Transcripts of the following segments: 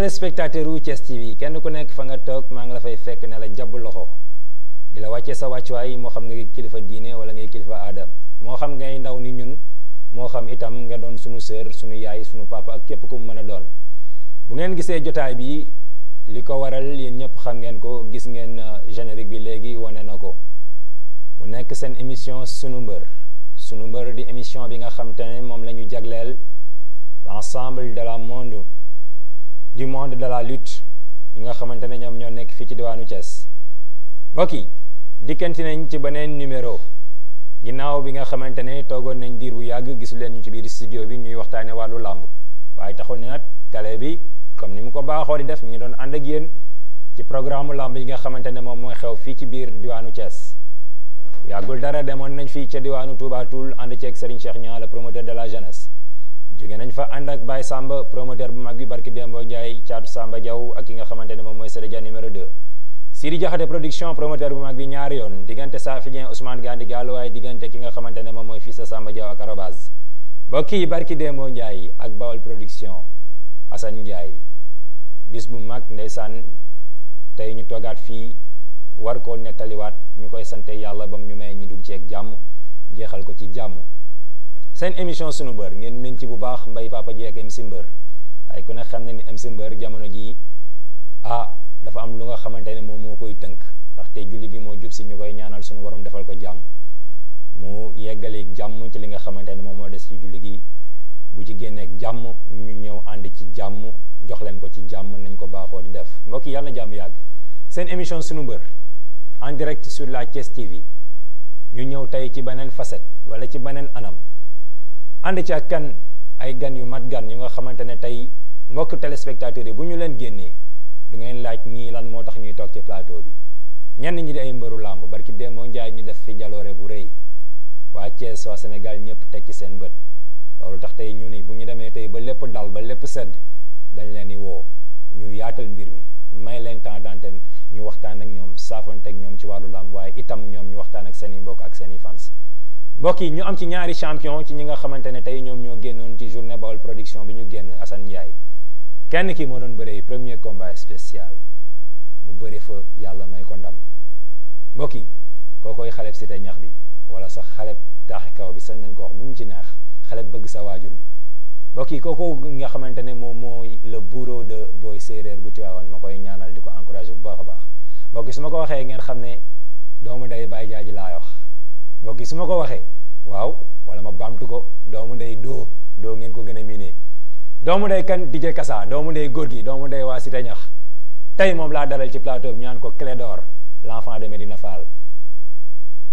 téléspectateur wu Thiès TV kenn ku nek fa nga tok ma nga la fay fekk ne la jabb loxo dila wacce sa waccu ay mo xam nga kilifa diine wala nga kilifa adam mo xam nga ndaw ni ñun mo xam itam nga doon sunu sœur sunu yaay sunu papa ak képp ku mu mëna doon. bu ngeen gisee jotaay bi liko waral yeen ñëpp xam ngeen ko gis ngeen euh, générique bi legi wane nako. mu nek sunumber, émission suñu mbeur suñu mbeur di émission bi nga xam tane mom lañu jaglél l'ensemble de la monde du monde de la lutte yi nga xamantene ñom ñoo nekk fi ci diwanu Thiès bokki yi dikkanti nañ ci benen numéro ginaaw bi nga xamantene togon nañ diir bu yàgg gisul leen ñu ci biir studio bi ñuy waxtane walu lamb waye taxul ni nak télé bi comme nim ko baaxo di def ñi doon and ak yeen ci programme lamb yi nga xamantene mom moy xew fi ci biir diwanu Thiès yàggul dara demoon nañ fi ci diwanu Touba Toul ci ak Serigne Cheikh promoteur de la jeunesse juga nañ fa ànd ak Baye Samba promoteur bu magui barki dembo Ndiaye chat Samba jaw ak ki nga xamantene mom moy mooy numéro 2. siri Diakhaté production promoteur bu magui ñaar yoon diggante Safi Ousmane Gandi Gallo way digante ki nga xamantene mom moy fissa Samba jaw ak Arobase bokki barki dembo Ndiaye ak Bawol production asan Ndiaye bis bu mag ndaysan tay ñu togaat fi war ko netali wat ñukoy sante yalla bam ñu may ñu dug ci ak jamm ko ci jamm seen émission sunu mbër ngeen mën ci bu baax mbay papa ji ak MC Mbër ay ku ne xam ne ni MC Mbër jamono ji a dafa am lu nga xamante ne mo moo koy tënk ndaxte julli gi mo jub ci ñukoy ñaanal sunu defal ko jamu. mu iya jamm ci li nga xamante ne mo moo des ci julli gi bu ci ak jamm ñu ñew and ci jamm jox leen ko ci jamu nañ ko baaxo di def mbokk yalla jamm na sen seen émission sunu mbër en direct sur la Thiès TV ñu ñew tay ci banen facette wala ci anam andi ci ak kan ay gan yu mat gan yu nga xamantene tay tey mbokk téléspectateurs yi bu ñu leen genné du ngeen laaj ñi lan moo tax ñuy tok ci plateau bi ñen ñi di ay mbeuru lamb barki de mo njaay ñu def fi jaloore bu rëy wa Thiès waa Sénégal ñepp tek ci seen bët lolu tax tay ñu ni bu ñu demee ba lepp dal ba lepp sedd dañ leen di wo ñu yaatal mbir mi may leen temps d'antenne ñu waxtaan ak ñom saafoonte ak ñom ci walu lamb way itam ñom ñu waxtaan ak seen mbokk ak seen fans mbokk yi ñu am ci ñaari champion ci ñi nga xamante ne tey ñoom ñoo génnoon ci journée Baol production bi ñu génn Assane Ndiaye kenn ki moo doon bëree premier combat spécial mu bëre fa yàlla may ko ndam mbokk yi kookoy xaleb si te ñax bi wala sax xaleb taaxi kaw bi sañ nañ ko wax bu ñu ci naax xaleb bëgg sa waajur bi mbokk yi kooku nga xamante ne moom mooy le bureau de Boy Séeréer bu Tiwaawan ma koy ñaanal di ko encouragé bu baax a baax mbokk yi su ma ko waxee ngeen xam ne doomu day bàyyi jaaji laay wax mbokk yi su ma ko wala ma bamtu ko doomu ndey do do ngeen ko gëna miné ndey kan DJ kassa doomu ndey Gorgi, gi doomu ndey wa Cité Ñax tay mom la dalal ci plateau ñaan ko Clé d'or l'enfant de Medina Fall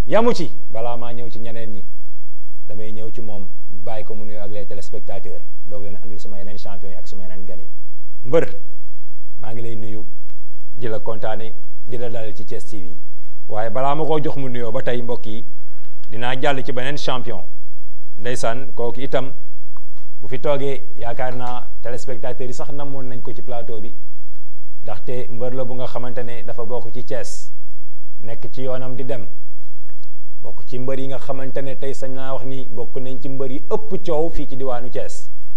yamu ci bala ma ñew ci ñeneen ñi damay ñew ci mom bay ko mu nuyu ak les téléspectateurs dog leen andil sama yeneen champion yi ak sama yeneen gani mbeur ma ngi lay nuyu di la contane di la dalal ci chess TV waye bala mako jox mu ba tay mbokk yi dina jall ci benen champion ndaysan koku itam bu fi toge yakarna naa yi sax namon nañ ko ci plateau bi ndaxte mbër la bu nga xamantene dafa bok ci Thiès nek ci yonam di dem bok ci mbeur yi nga xamantene tay sañ wax ni bok nañ ci mbeur yi ëpp ciow fi ci diwanu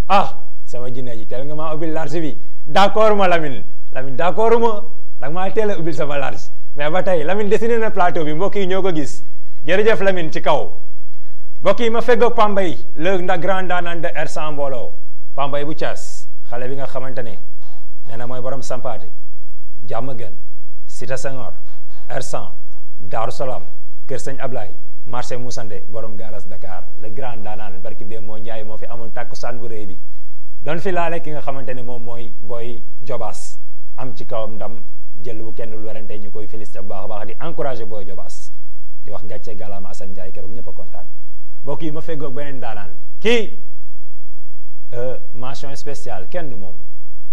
ah sama jinne ji tel nga ma ubil large bi d'accord ma Lamine Lamine d'accord ma dag ma tel ubil sama large mais ba tay Lamine dessiner na plateau bi mbok yi ñoko gis jërëjëf lamin ci kaw mbokk yi ma ak Pambay le grand danan de R100 mbolo Pambay bu tias xale bi nga xamantene ni moy na borom sampati jàmm gën Cité Senghor R100 dar salam keur seigne Ablaye marché moussandé borom galas Dakar le grand danan barki be mo Njaay mo fi amul san bu rëy bi fi laale ki nga xamantene mom moy boy jobas am ci kawam ndam jël wu kenn lu warante ñukoy koy bu baax baax di encourager boy jobas wax gàcce gàllaama Assane Ndiaye keroog ñëpp a kontaan mbokk yi ma feggoog beneen daanaan kii euh, mention spéciale kenn moom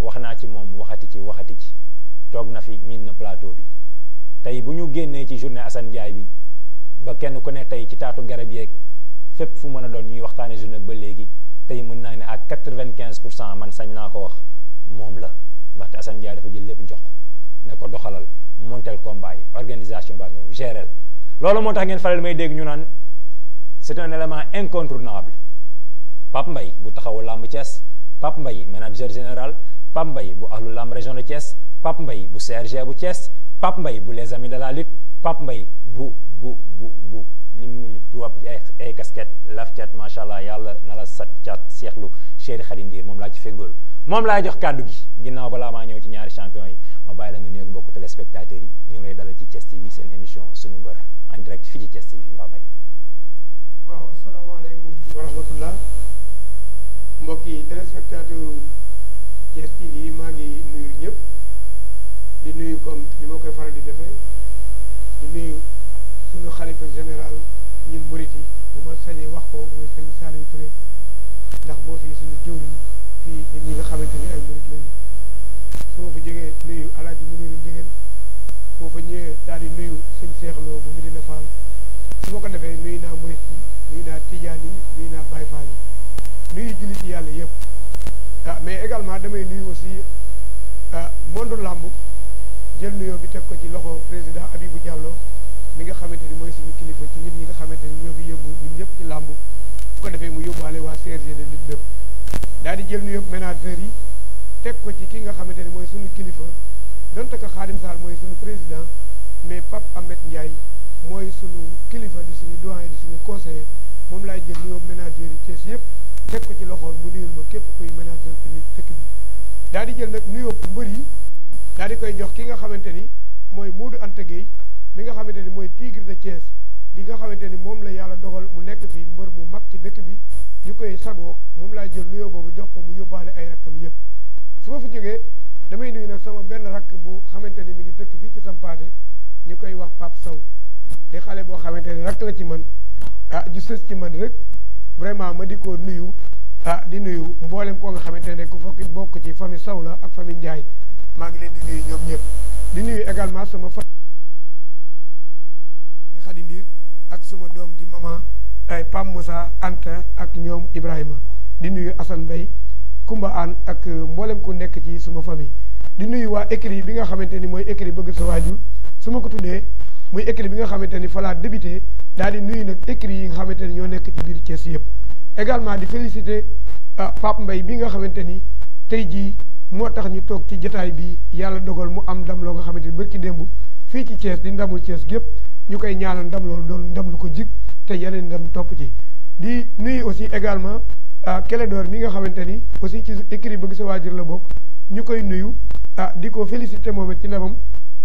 wax naa ci moom waxati ci waxati ci toog na fi miin na plateau bi tey bu ñu génnee ci journée Assane Ndiaye bi ba kenn ku ne tey ci taatu garab yeeg fépp fu mën a doon ñuy waxtaane journée ba léegi tey mun naa ne ak quatre-vingt-quinze pour cent man sañ naa ko wax moom la ndaxte Assane Ndiaye dafa jël lépp jox ne ko doxalal montel combat yi organisation baa ngi géreel loolu moo tax ngeen faral may dégg ñu naan c'est un élément incontournable Pape mbay bu taxawu làmb Thiès Pape mbay manager général Pape mbay bu allu làmb région de Thiès Pape Mbaye bu CRG bu Thiès Pape mbay bu les amis de la lutte Pape mbay bu bu bu bu li mu tubaab ay casquette laf cat macha allah yàlla na la sat cat seexlu chéri Khady Ndiir moom laa ci fégool moom laa jox kàddu gi ginnaaw balaa maa ñëw ci ñaari champion yi ma bàyyi la nga nuyoog mbokku téléspectateurs yi ñu ngi lay dalal ci Thiès TV seen émission sunu mbër en direct fii ci Thiès TV mbaa bay waaw asalaamaaleykum wa rahmatullah mbokki téléspectateur maa ngi nuyu ñëpp di nuyu comme ni ma koy faral di defee di nuyu sunu xalifa général ñun murit yi bu ma sañee wax ko muy sëñ Saliou Touré ndax moo fii suñu jëwriñ fii ñi nga xamante ni ay murit lañu soo fa jógee nuyu alaaji Muniru Jigéen boo fa ñëwee daal di nuyu sëñ seexloo Lo bu Medina Fall su ma ko defee nuyu naa murit yi nuyu naa tijaan yi nuyu naa Baay Faal yi nuyu jullit yi yàlla yëpp ah mais également damay nuyu aussi ah, monde làmb jël nuyoo bi teg ko ci loxo président Abibou jàlloo mi nga xamante ni mooy suñu kilifa ci nit ñi nga xamante ni ñoo fi yëngu ñun ñëpp ci làmb bu ko defee mu yóbbaale waa CRG de lutte bépp daal di jël nuyoo ménageurs yi teg ko ci ki nga xamante ne mooy sunu kilifa donte ko Xaadim Sall mooy sunu président mais Pape Ahmed Ndiaye mooy sunu kilifa di suñu doyen di suñu conseiller moom laay jël nuyoo ménageurs yi Thiès yëpp teg ko ci loxoom mu nuyul ma képp kuy ménageur ku ñu daal di jël nag nuyoo mbër yi daal di koy jox ki nga xamante ni mooy Moodu Anta Gueye mi nga xamante ni mooy tigre de Thiès di nga xamante ni moom la yàlla dogal mu nekk fi mbër mu mag ci dëkk bi ñu koy sagoo moom laay jël nuyoo boobu jox ko mu yóbbaale ay rekkam yëpp su ma fi jógee damay nuyu nag sama benn rakk bu xamante ni mi ngi dëkk fii ci Sampaate ñu koy wax Pape saw di xale boo xamante ni rakk la ci man ah ju sës ci man rek vraiment ma di ko nuyu ah di nuyu mboolem koo nga xamante ne ku fokk bokk ci famille saw la ak famille Ndiaye maa ngi leen di nuyu ñoom ñëpp di nuyu également sama famille di Xadi ak sama doom di maman ay Pam Moussa Anta ak ñoom Ibrahima di nuyu Assane Mbaye Kumba Aan ak euh, mboolem ku nekk ci suma famille di nuyu waa écrit bi nga xamante ni mooy écrit bëgg sa waajur su ma ko tuddee muy écrit bi nga xamante ni falaa débuté daal di nuyu nag écrit yi nga xamante ni ñoo nekk ci biir cees yëpp également di félicité euh, Pape Mbaye bi nga xamante ni tey jii moo tax ñu toog ci jataay bi yàlla dogal mu am ndam loo nga xamante ni bërki démb fii ci Thiès di ndamul cees gépp ñu koy ñaanal ndam loolu doon ndam lu ko ji te yeneen ndam topp ci di nuyu ah Clédor mi nga xamante ni aussi ci écrit bëgg sa waajur la bokk ñu koy nuyu ah di ko félicité moom it ci ndamam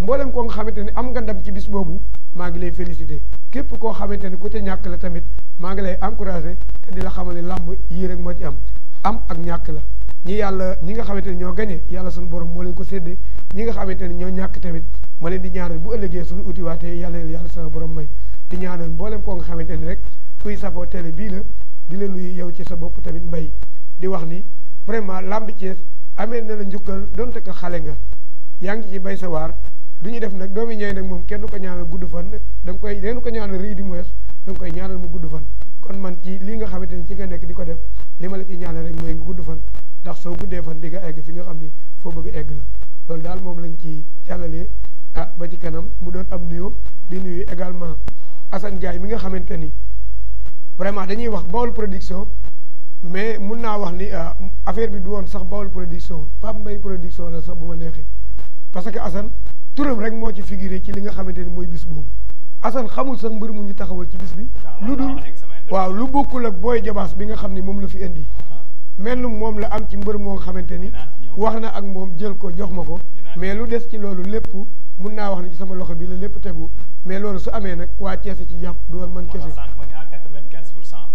mboolem koo nga xamante ni am nga ndam ci bis boobu maa ngi lay félicité képp koo xamante ni ku ñàkk la tamit maa ngi lay encouragé di la xamal làmb yii rek moo ci am am ak ñàkk la ñi yàlla ñi nga xamante ni ñoo gañe yàlla suñu borom moo leen ko séddee ñi nga xamante ni ñoo ñàkk tamit ma leen di ñaanal bu ëllëgee suñu utiwaatee yàlla yàlla sama borom may di ñaanal mboolem koo nga xamante ni rek kuy safoo télé bii la di la nuyu yow ci sa bop tamit mbay di wax ni vraiment lambi ci amé na la ñukkal donte ko xalé nga yaa ci bay sa war duñu def nak doomi ñooy nak mom kenn ko ñaanal guddu fan da koy kenn ko ñaanal rëy di moes dang koy ñaanal mu guddu fan kon man ci li nga xamanteni ci nga nek di def lima la ci ñaanal rek moy nga guddu fan ndax so guddé fan diga egg fi nga xamni fo bëgg egg la lool daal mom lañ ci jàllalee ah ba ci kanam mu doon am nuyoo di nuyu également Assane jaay mi nga xamanteni ni vraiment dañuy wax Baol production mais mun naa wax ni euh, affaire bi du woon sax Baol production Pape Mbaye production la sax bu ma neexee parce que Assane turam rek moo ci figuré ci li nga xamante ni mooy bis boobu Assane xamul sax mbër mu ñu taxawal ci bis bi. lu dul waaw lu bokkul ak booy jabaas bi nga xam ni moom la fi indi. Uh-huh. mel moom la am ci mbër moo nga xamante ni wax na ak moom jël ko jox ma ko mais lu des ci loolu lépp mun naa wax ni ci sama loxo bi la lépp tegu hmm. mais loolu su amee nag waa Cees ci jàpp du woon man kese.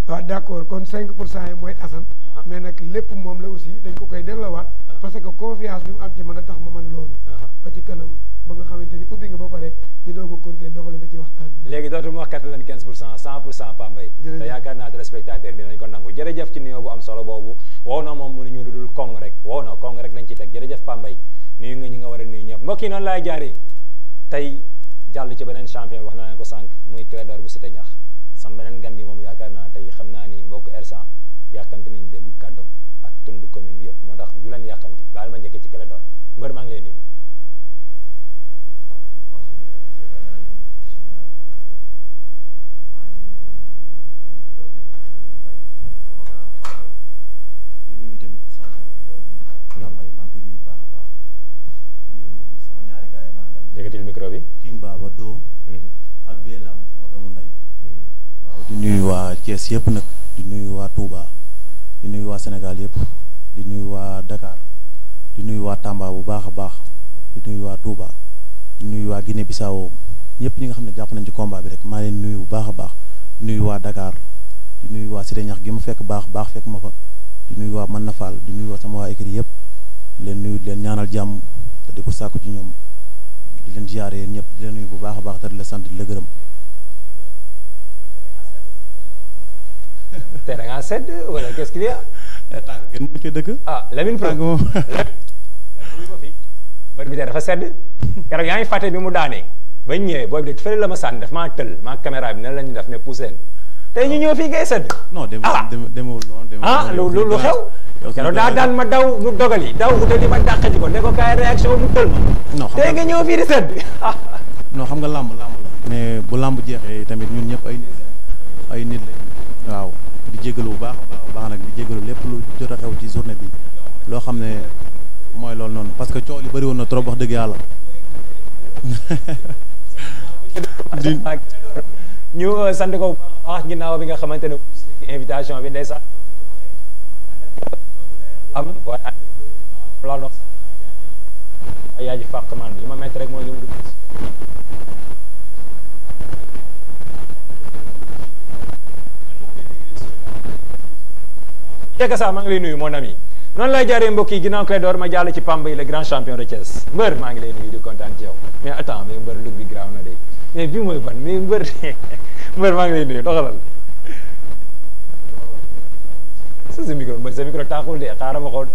waaw d' accord kon cinq pour cent yi mooy Assane ah. mais nag lépp moom la aussi dañ ko koy delloowaat ah. parce que confiance bi mu am ci mën a tax ma mën loolu ah. ba ci kanam ba nga xamante ni ubbi nga ba pare ñu doog a continuer doxale ba ci waxtaan bi léegi dootuma wax quatre vingt quinze pour cent cent pour cent Pambay te yaakaar naa téléspectateur dinañ ko nangu jërëjëf ci nuyoo bu am solo boobu wow na moom mënuñu lu dul kong rek wow na kong rek lañ ci teg jërëjëf Pambay nga ñu nga a nuyu ñëpp mbokk yi ci beneen champion wax naa leen ko sànq muy Clédor bu Cité Niakh sam beneen gan gi mom yaakar na tay xamna naa ni mbokk ersan yàkkamte ni degu kàddoom ak tundu commune bi yëpp motax tax ju leen yàkkamti baal ma njëkkee ci dor Ngor ma ngi lay nuyu yëkkatil micro bi. King Baba do, mhm. ak Vélam sama doomu ndey. Mhm. waaw di nuyu waa Thiès yëpp nag di nuyu waa Touba di nuyu waa Sénégal yëpp di nuyu waa Dakar di nuyu waa Tamba bu baax a baax di nuyu waa Touba di nuyu waa Guinée Bissau ñëpp ñi nga xam ne jàpp nañ ci combat bi rek maa leen nuyu bu baax a baax di nuyu waa Dakar di nuyu waa Cité ñax gi mu fekk baax baax fekk ma fa di nuyu waa Manna nafaal di nuyu waa sama waa écrit yëpp leen nuyu di leen ñaanal jàmm te di ko sàkku ci ñoom di leen ziare yéen ñëpp di leen nuyu bu baax a baax te la sant di la gërëm te da ngaa sedd wala qu'est-ce qu'il y a. tàng bi tey dafa sedd. keroog yaa eh, ngi fàtte bi mu daanee. bañ ñëwee booy la ma sànni daf maa tël maa caméra def ne poussé tey ñu ñëw fii ngay sedd. non demul demul demul ah lu lu lu xew. ma daw mu dogali daw utali ko ne ko nga ñëw fii di sedd. non xam nga làmb làmb la. mais bu làmb jeexee tamit ñun ñëpp ay nit lañ waaw. di jégalu bu baax baax nag bi jégalu lépp lu jot a xew ci journée bi loo xam ne mooy loolu noonu parce que coow li bëri woon na trop wax dëgg yàlla. ñu euh, sant ko wax ginnaaw bi nga xamante ne invitation bi ndeysaan am yaa ji fàq li ma métti mooy li Yaka sa ma ngi lay nuyu mon ami non lay jare mbokki ginaaw clé d'or ma jall ci pambe le grand champion de Ber mbër maa ngi lay nuyu di kontaan ci yow mais attends mais mbeur lug bi na day mais bi moy ban mais mbeur mbeur ma ngi lay nuyu doxalal sa sa micro mbër sa micro taaxul de xara ma xol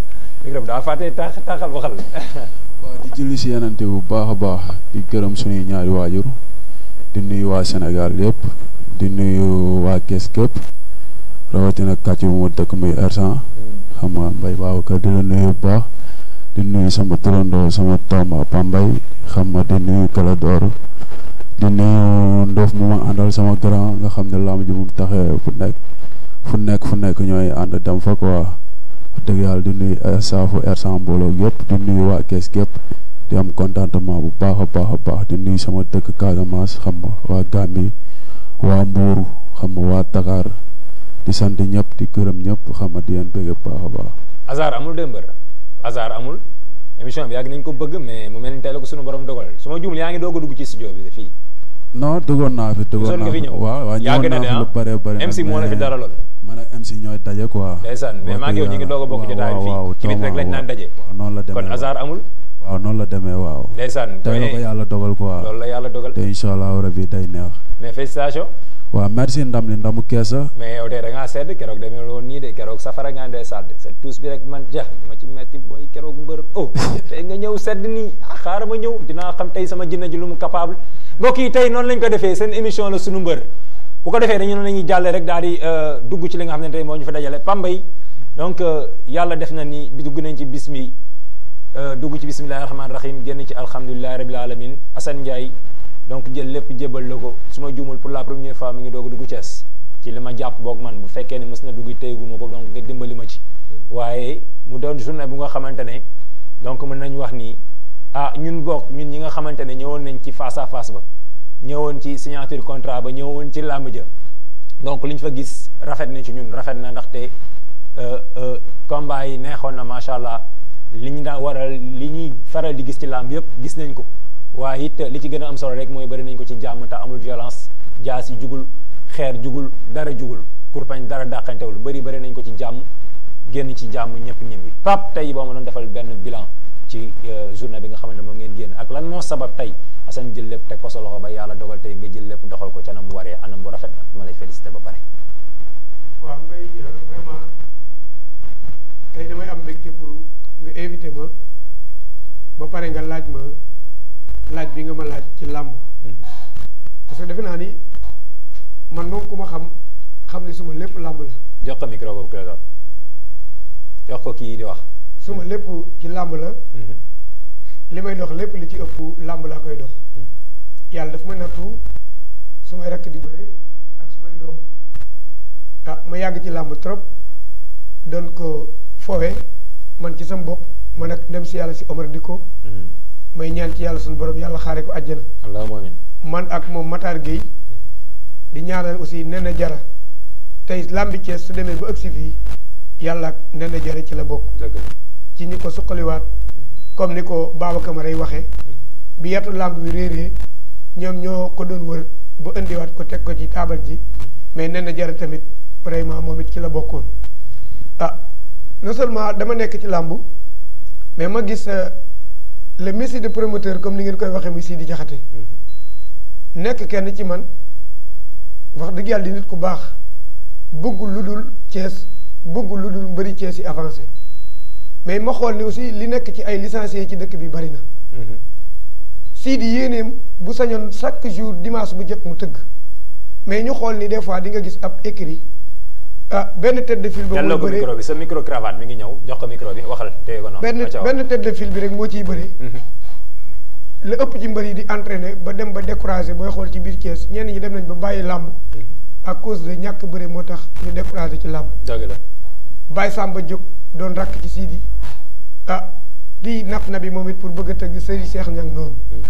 micro da daa fàtte taax taaxal waxal ba di julli suni yanante bu baax di gërëm suñu ñaari wajur di nuyu wa Sénégal yëpp di nuyu wa kess kep rawati nak kati mo dekk muy r xam nga mbay ka di la nuyu ba di nuyu sama turando sama tomba Pambay xam nga di nuyu Kala dor di nuyu Ndof mu ma àndal sama grand nga xam ne làmb ji mu taxee fu nek fu nek fu nek ñoy and dam fa quoi deug yaal di nuyu saafu R100 mbooloo di nuyu wa kess gep di am contentement bu baaxa baaxa baax di nuyu sama dëkk Casamance xam nga wa Gambie wa Mbuur xam nga wa takar di sant ñëpp di gërëm ñëpp xam bëgg baax a baax. hasard amul démbar hasard amul émission bi yàgg nañ ko bëgg mais mu mel ni tey la ko sunu borom dogal su ma juumul yaa ngi doog a dugg ci studio bi fii. non duggoon naa fi duggoon naa fi waaw waaw ah. lool man ak MC ñooy daje quoi. ndeysaan mais maa ngi yow ñu ngi doog a bokk jotaay fii ci bit rek lañ naan daje. waaw noonu la demee kon hasard amul. waaw noonu la demee waaw. ndeysaan tey la ko yàlla dogal la yàlla dogal te incha allah rabi day neex. wa merci ndam li ndamu kessa mais yow de da nga sedd kérok demé lo ni de kérok safara nga ndé sàdd sa tous bi rek man ja ma ci metti boy kérok mbeur oh té nga ñew sedd ni xaar ma ñew dina xam tay sama jinne ji lu mu capable mbokk yi tay non lañ ko défé sen émission la suñu mbeur bu ko défé dañu lañu jallé rek daali euh dugg ci li nga xamné tay mo ñu fa dajale pambay donc yalla def na ni dugg nañ ci bismi euh dugg ci bismillahir rahmanir rahim genn ci alhamdulilahi rabbil alamin Assane ndjay donc jël lepp jébal lako suma su pour la première fois mi ngi dogu a dugg ci lima ma bok man bu fekké ni mësna na dugg gu ko donc nga dimbali ma ci waaye mu don journée bu nga xamante donc mën nañ wax ni ah ñun bok ñun ñi nga xamante ñëwon nañ ci face à face ba ñëwon ci signature contrat ba ñëwon ci lamb ja donc liñ fa gis rafet na ci ñun rafet na euh, euh combat yi neexoon na machallah liñ da waral liñ faral di gis ci lamb yépp gis nañ ko. waaye it li ci gën a am solo rek mooy bëri nañ ko ci jàmm te amul violence jaas si jugul xeer jugul dara jugul kurpañ dara dàqantewul bëri bëri nañ ko ci jàmm génn ci jàmm ñëpp ñibbi pap tey boo ma doon defal benn bilan ci euh, journée bi nga xamante ne moom ngeen génn ak lan moo sabab tey Assane jël lépp teg ko sa loxo ba yàlla dogal tey nga jël lépp doxal ko ca na mu waree anam bu rafet na ma lay félicité ba pare. waaw mbay euh, vraiment tey damay am mbégte pour nga invité ma ba pare laaj bi nga ma laaj ci làmb mm-hmm. parce que defe naa ni man moom ku ma xam xam ne suma lépp làmb la. jox ko jox ko kii di wax. suma lépp ci làmb la. Mm-hmm. li may dox lépp li ci ëpp làmb laa koy dox. Mm-hmm. yàlla daf ma nattu su may rakk di bëre ak su may doom ah ma yàgg ci làmb trop doon ko fowe man ci sam bopp man ak dem si yàlla si Omar di ko. may ñaan ci yàlla suñu borom yàlla xaare ko àjjana. allahumma amiin man ak moom Matar Gueye di ñaanal aussi nen na jara tey làmbi Cees su demee ba ëgg si fii yàlla ak nen na jara ci la bokk. ci ñu ko suqaliwaat comme ni ko Baba Camara yi waxee. bi yatu làmb bi réeree ñoom ñoo ko doon wër ba indiwaat ko teg ko ci taabal ji mais nen na jara tamit vraiment moom it ci la bokkoon ah non seulement dama nekk ci làmb mais ma gis. Euh, le messie de promoteur comme ni ngeen koy waxee muy Sidi Diakhaté nekk kenn ci man wax dëgg yàlla di nit ku baax bëggul lu dul Thiès bëggul lu dul mbëri Thiès yi avancé mais ma xool ni aussi li nekk ci ay licenciés ci dëkk bi bari na. Mhm. Sidi yéeneem bu sañoon chaque jour dimanche bu jot mu tëgg mais ñu xool ni des fois di nga gis ab écrit. ah benn tête de file ba mooy sa micro cravate mi ngi ñëw jox ko micro bi waxal téye ko noonu. benn mhm. la ëpp ci yi di entraîné ba dem ba découragé booy xool ci biir Thiès ñenn ñi dem nañ ba bàyyi làmb. Mhm. à cause de ñàkk bëri moo tax ñu découragé ci làmb. dëgg la Baye Samba jóg doon rakk ci Sidi ah di nap na bi moom it pour bëgg a tëgg Serigne Cheikh Niang noonu. Mhm.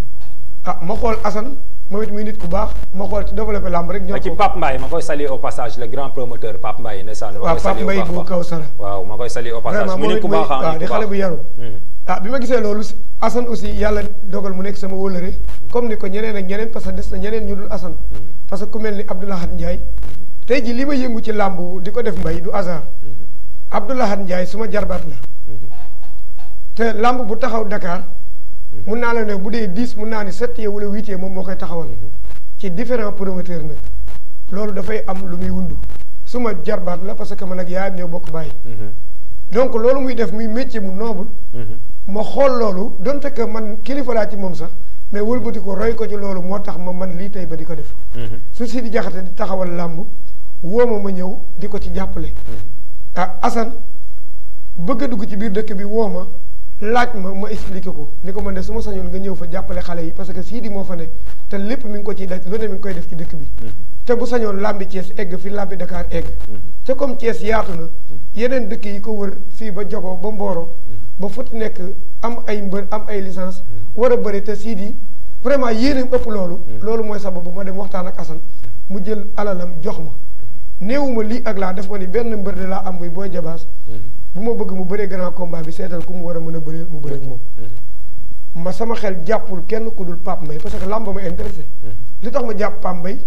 ah ma xool Assane. moom it muy nit ku baax moo xool ci développé lamb rek. ñoo ko ci Pape Mbaye ma koy saluer au passage le grand promoteur Pape Mbaye waaw Pape Mbaye bu kaw sara waaw ma koy ku baax ah di xale bu yaru. Hmm. ah bi ma gisee loolu Assane aussi yàlla dogal mu nekk sama wóllëre comme ni ko ñeneen ak ñeneen parce des na ñeneen ñu dul Assane. Hmm. parce ku mel ni Abdoulahad Ndiaye. Hmm. tey jii li ma yëngu ci làmb di ko def mbay du hasard. Abdoulahad Ndiaye suma jarbaat la. te làmb bu taxaw Dakar. Mhm. mun naa la ne bu dee dix mun naa ne sept yee wala huit yee moom moo koy taxawal mhm. ci différents promoteurs nag loolu dafay am lu muy wundu suma jarbaat la parce que ma nag yaayam ñoo bokk bàyyi mhm. donc loolu muy def muy métier mu noble ma xool loolu donte que man kilifa laa ci moom sax mais wëlbati ko roy ko ci loolu moo tax ma man lii tey ba di ko def su si di jaxate di taxawal làmb woo ma ma ñëw di ko ci jàppale ah Assane bëgg a dugg ci biir dëkk bi woo ma laaj ma ma expliqué ko ni ko man de su ma sañoon nga ñëw fa jàppale xale yi parce que sii di moo fa ne te lépp mi ngi ko ciy daj lu ne ngi koy def ci dëkk bi mm-hmm. sañoon làmbi Thiès egg fi làmbi Dakar egg mm-hmm. te comme Thiès yaatu na mm-hmm. yeneen dëkk yi ko wër fii ba Jogo ba Mboro ba fut nekk am ay mbër am ay licence war bëri te sii di vraiment yéeneem ëpp loolu loolu mooy bu ma dem waxtaan ak Assane mu jël alalam jox ma néewuma lii ak laa def ma ni benn mbër de laa am muy booy jabaas bu ma bëgg mu bëree grand combat bi seetal ku mu war a mën a bëree mu bëree ak moom. Mhm. ma sama xel jàppul kenn ku dul Pape mbay parce que làmb ma intéressé. Mhm. li tax ma jàpp Pape Mbaye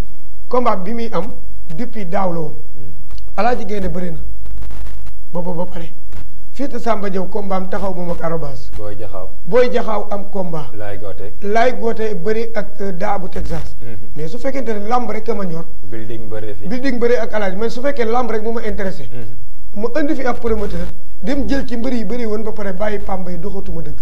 combat bi muy am depuis daaw la woon. Mhm. Alaaji Gaynde bëri na booba ba pare. fii te Samba Diaw combat taxaw moom ak arobase. booy jaxaw booy jaxaw am combat. laay goote laay goote bëri ak daa euh, daabu Texas. mais su fekkente ne làmb rek ka ma ñor. building bëree fi ak Alaaji man su fekkee làmb rek mu ma intéressé. mu indi fi ab promoteur dem jël ci mbër yi bëree woon ba pare bàyyi pambay doxatuma dëgg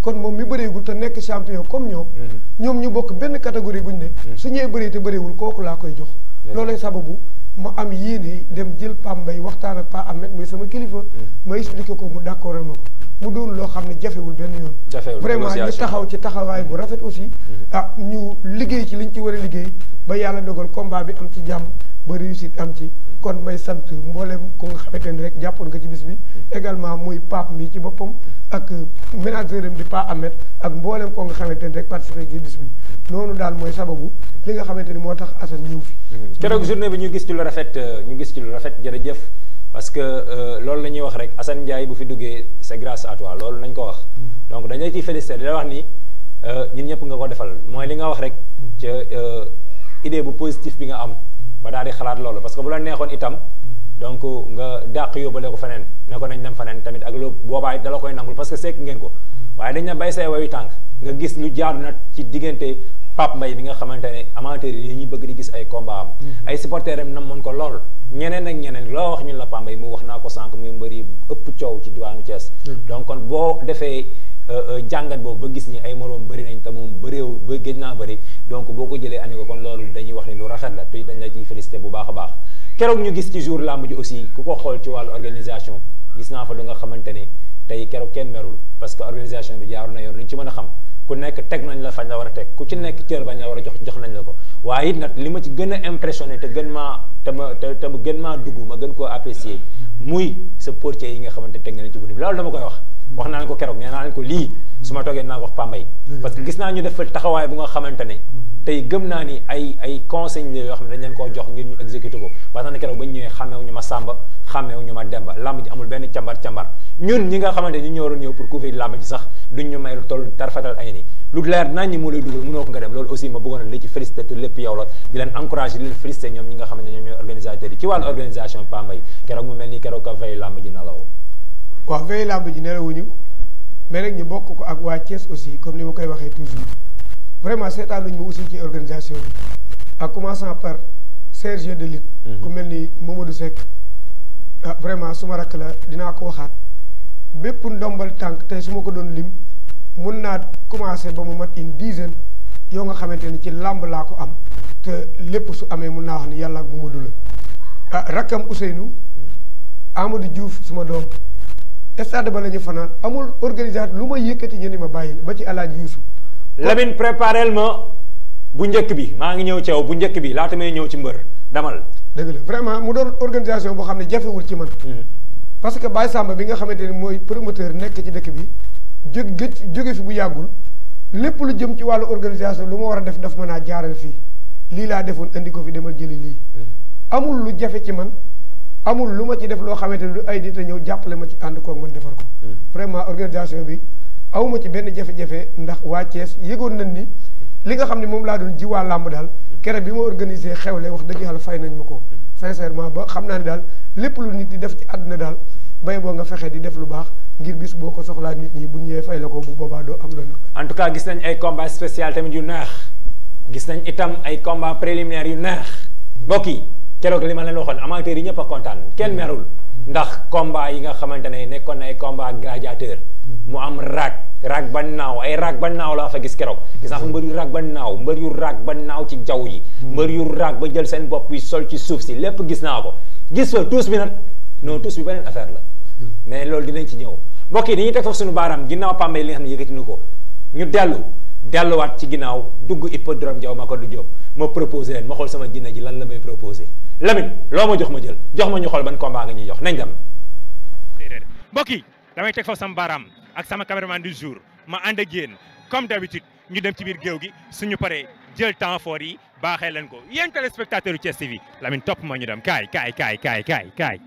kon moom mi bëreegul te nekk champion comme ñoom mhm. ñoom ñu bokk benn catégorie guñ ne mhm. su ñee bëree te bëreewul kooku laa koy jox loolay sababu ma am yéene dem jël pambay waxtaan ak Pa Ahmed muy sama kilifa mhm. ma expliqué ko mu d'accordal ma ko mu doon loo xam ne jafewul benn yoon vraiment ñu taxaw ci taxawaay bu rafet aussi ah ñu liggéey ci liñ ci war a liggéey ba yàlla dogal combat bi am ci jàmm ba réussite am ci kon may sant mboolem ku nga xamante ni rek jàppoon nga ci bis bi également muy pape mi ci boppam ak ménageur am di Pa Ahmed ak mboolem ko nga xamante ni rek participé ci bis bi noonu daal mooy sababu li nga xamante ni moo tax Assane ñëw fi mm-hmm. keroog journée bi ñu gis ci lu rafet euh, ñu gis ci lu rafet jërëjëf parce que euh, loolu la ñuy wax rek Assane Ndiaye bu fi duggee c'est grâce à loolu lañ ko wax mm-hmm. donc dañ lay ciy félicité di la wax ni euh, ñun ñëpp nga ko defal mooy li nga wax rek ca idée bu positif bi nga am ba daal di xalaat loolu parce que bu la neexoon itam donc nga dàq yóbbale ko feneen ne ko nañ dem feneen tamit ak loo boobaay dala koy nangul parce que sekk ngeen ko waaye dañ na bay say wayu tànk nga gis lu jaadu na ci diggante Pape Mbaye bi nga xamante ne amateur yi ñuy bëgg di gis ay combat am mm-hmm. ay supporter am nam moon ko lool ñeneen ak ñeneen loo wax ñun la Pape Mbaye mu wax naa ko sànq muy mbëri ëpp coow ci diwaanu Thiès mm-hmm. donc kon boo defee Eh, eh, jangan bawa nah anu ba gis ni ay moroom bëri nañ te moom bëréew ba gën naa bëri donc boo ko jëlee andi ko kon loolu dañuy wax ni lu rafet la tuy dañ la ciy félicité bu baax a baax keroog ñu gis ci jour làmb ji aussi ku ko xool ci wàllu organisation gis naa fa lu nga xamante ni tey keroog kenn merul parce que organisation bi jaaru na yoon lu ñu ci mën a xam ku nekk teg nañ la fañ la war a ku ci nekk bañ la jox jox nañ la ko ci te gën te ma te gën dugg ma gën apprécier muy sa portier yi nga xamante teg nañ ci dama koy wax wax naa leen ko keroog nee naa leen ko lii su ma toogee naa ko wax Pambay parce que gis naa ñu def fa taxawaay bu nga xamante ne mm-hmm. tey gëm naa ni ay conseil yoo xam ne dañ leen koo jox ngir ñu exécuté ko parce que na keroog ba ñu ñëwee xàmmeewu ñu ma Samba xàmmeewu ñu ma Demba làmb ji amul benn cambar cambar ñun ñi pour couvrir làmb ji sax duñ ñu may lu toll tarfatal ay ni ko nga dem loolu aussi a li ci félicité te lépp yow ñi nga xamante ñoom ñooy organisateurs yi ci wàllu organisation Pambay keroog mu mel ni keroog ka fay làmb ji nalaw waaw veille làmb ji nelawuñu mais nag ñu bokk ko ak waa Thiès aussi comme ni ma koy waxee toujours vraiment seetaanuñ ma aussi ci organisation bi ak commençant par serge de lutte mhm. ku mel ni Mamadou Seck ah vraiment suma rakk la dinaa ko waxaat bépp ndombal tànk tey su ma ko doon lim mun naa commencé ba mu mat une dizaine yoo nga xamante ni ci làmb laa ko am te lépp su amee mun naa wax ni yàlla ak Mamadou la ah rakkam Ousseynou mhm. Amadou Diouf suma doom stade ba la ñu fanaan amul organisateur lu ma yëkkati ñu ni ma bàyyil ba ci alaaj yuusu Lamine préparel ma bu njëkk bi maa ngi ñëw ceew bu njëkk bi laata may ñëw ci mbër demal dëgg la vraiment mu doon organisation boo xam ne jafewul ci man hmm. parce que Baye Samba bi nga xamante ni mooy promoteur nekk ci dëkk bi jóg gëj jóge fi bu yàggul lépp lu jëm ci wàllu organisation lu ma war a def daf mën a jaaral fii lii laa defoon indi ko fi demal jëli lii hmm. amul lu jafe ci man amul lu ma ci def loo xamante ne du ay nit a ñëw jàppale ma ci ànd koog man defar ko. Hmm. vraiment organisation bi awma ci benn jafe-jafe ndax waa Thiès yëgoon nañ ni li nga xam ne moom laa doon ji làmb daal kere bi ma xew xewle wax dëgg yàlla fay nañ ma ko. Hmm. sincèrement ba xam naa ne daal lépp lu nit di def ci àdduna daal bay boo nga fexee di def lu baax. ngir bis boo ko soxlaa nit ñi bu ñëwee fay la ko bu boobaa doo am la nag. en tout cas gis nañ ay combat spécial tamit yu neex gis nañ itam ay combat préliminaire yu neex mbokk yi keroog li ma leen waxoon amateur yi ñepp a kontaan kenn merul ndax combat yi nga xamantene nekkon ay combat gladiateur mu am rag, rag ban naw ay rag ban naw la fa gis kérok gis na fa mbër yu rag ban naw mbeur yu rag ban naw ci jaw yi mbeur yu rag ba jël seen bop yi sol ci souf si lepp gis na ko gis fa tous bi nak non tous bi benen affaire la mais loolu dinañ ci ñew mbokk yi dañuy tek foofu suñu baram ginnaw pambe li nga xamni ne nuko ñu ko delu wat ci ginnaw dugg hippodrome jaw mako du job ma proposer ma xol sama jinne ji lan la may proposer Lamine loo ma jox ma jël jox ma ñu xool ban combat nga ñuy jox nañ dem. mbokk yi damay teg fa sama baaraam ak sama caméraman du jour ma ànd ak yéen comme d'habitude ñu dem ci biir géew gi suñu paree jël temps fort yi baaxee leen ko yéen téléspectateur yu Thiès TV topp ma ñu dem kaay kaay kaay kaay kaay kaay.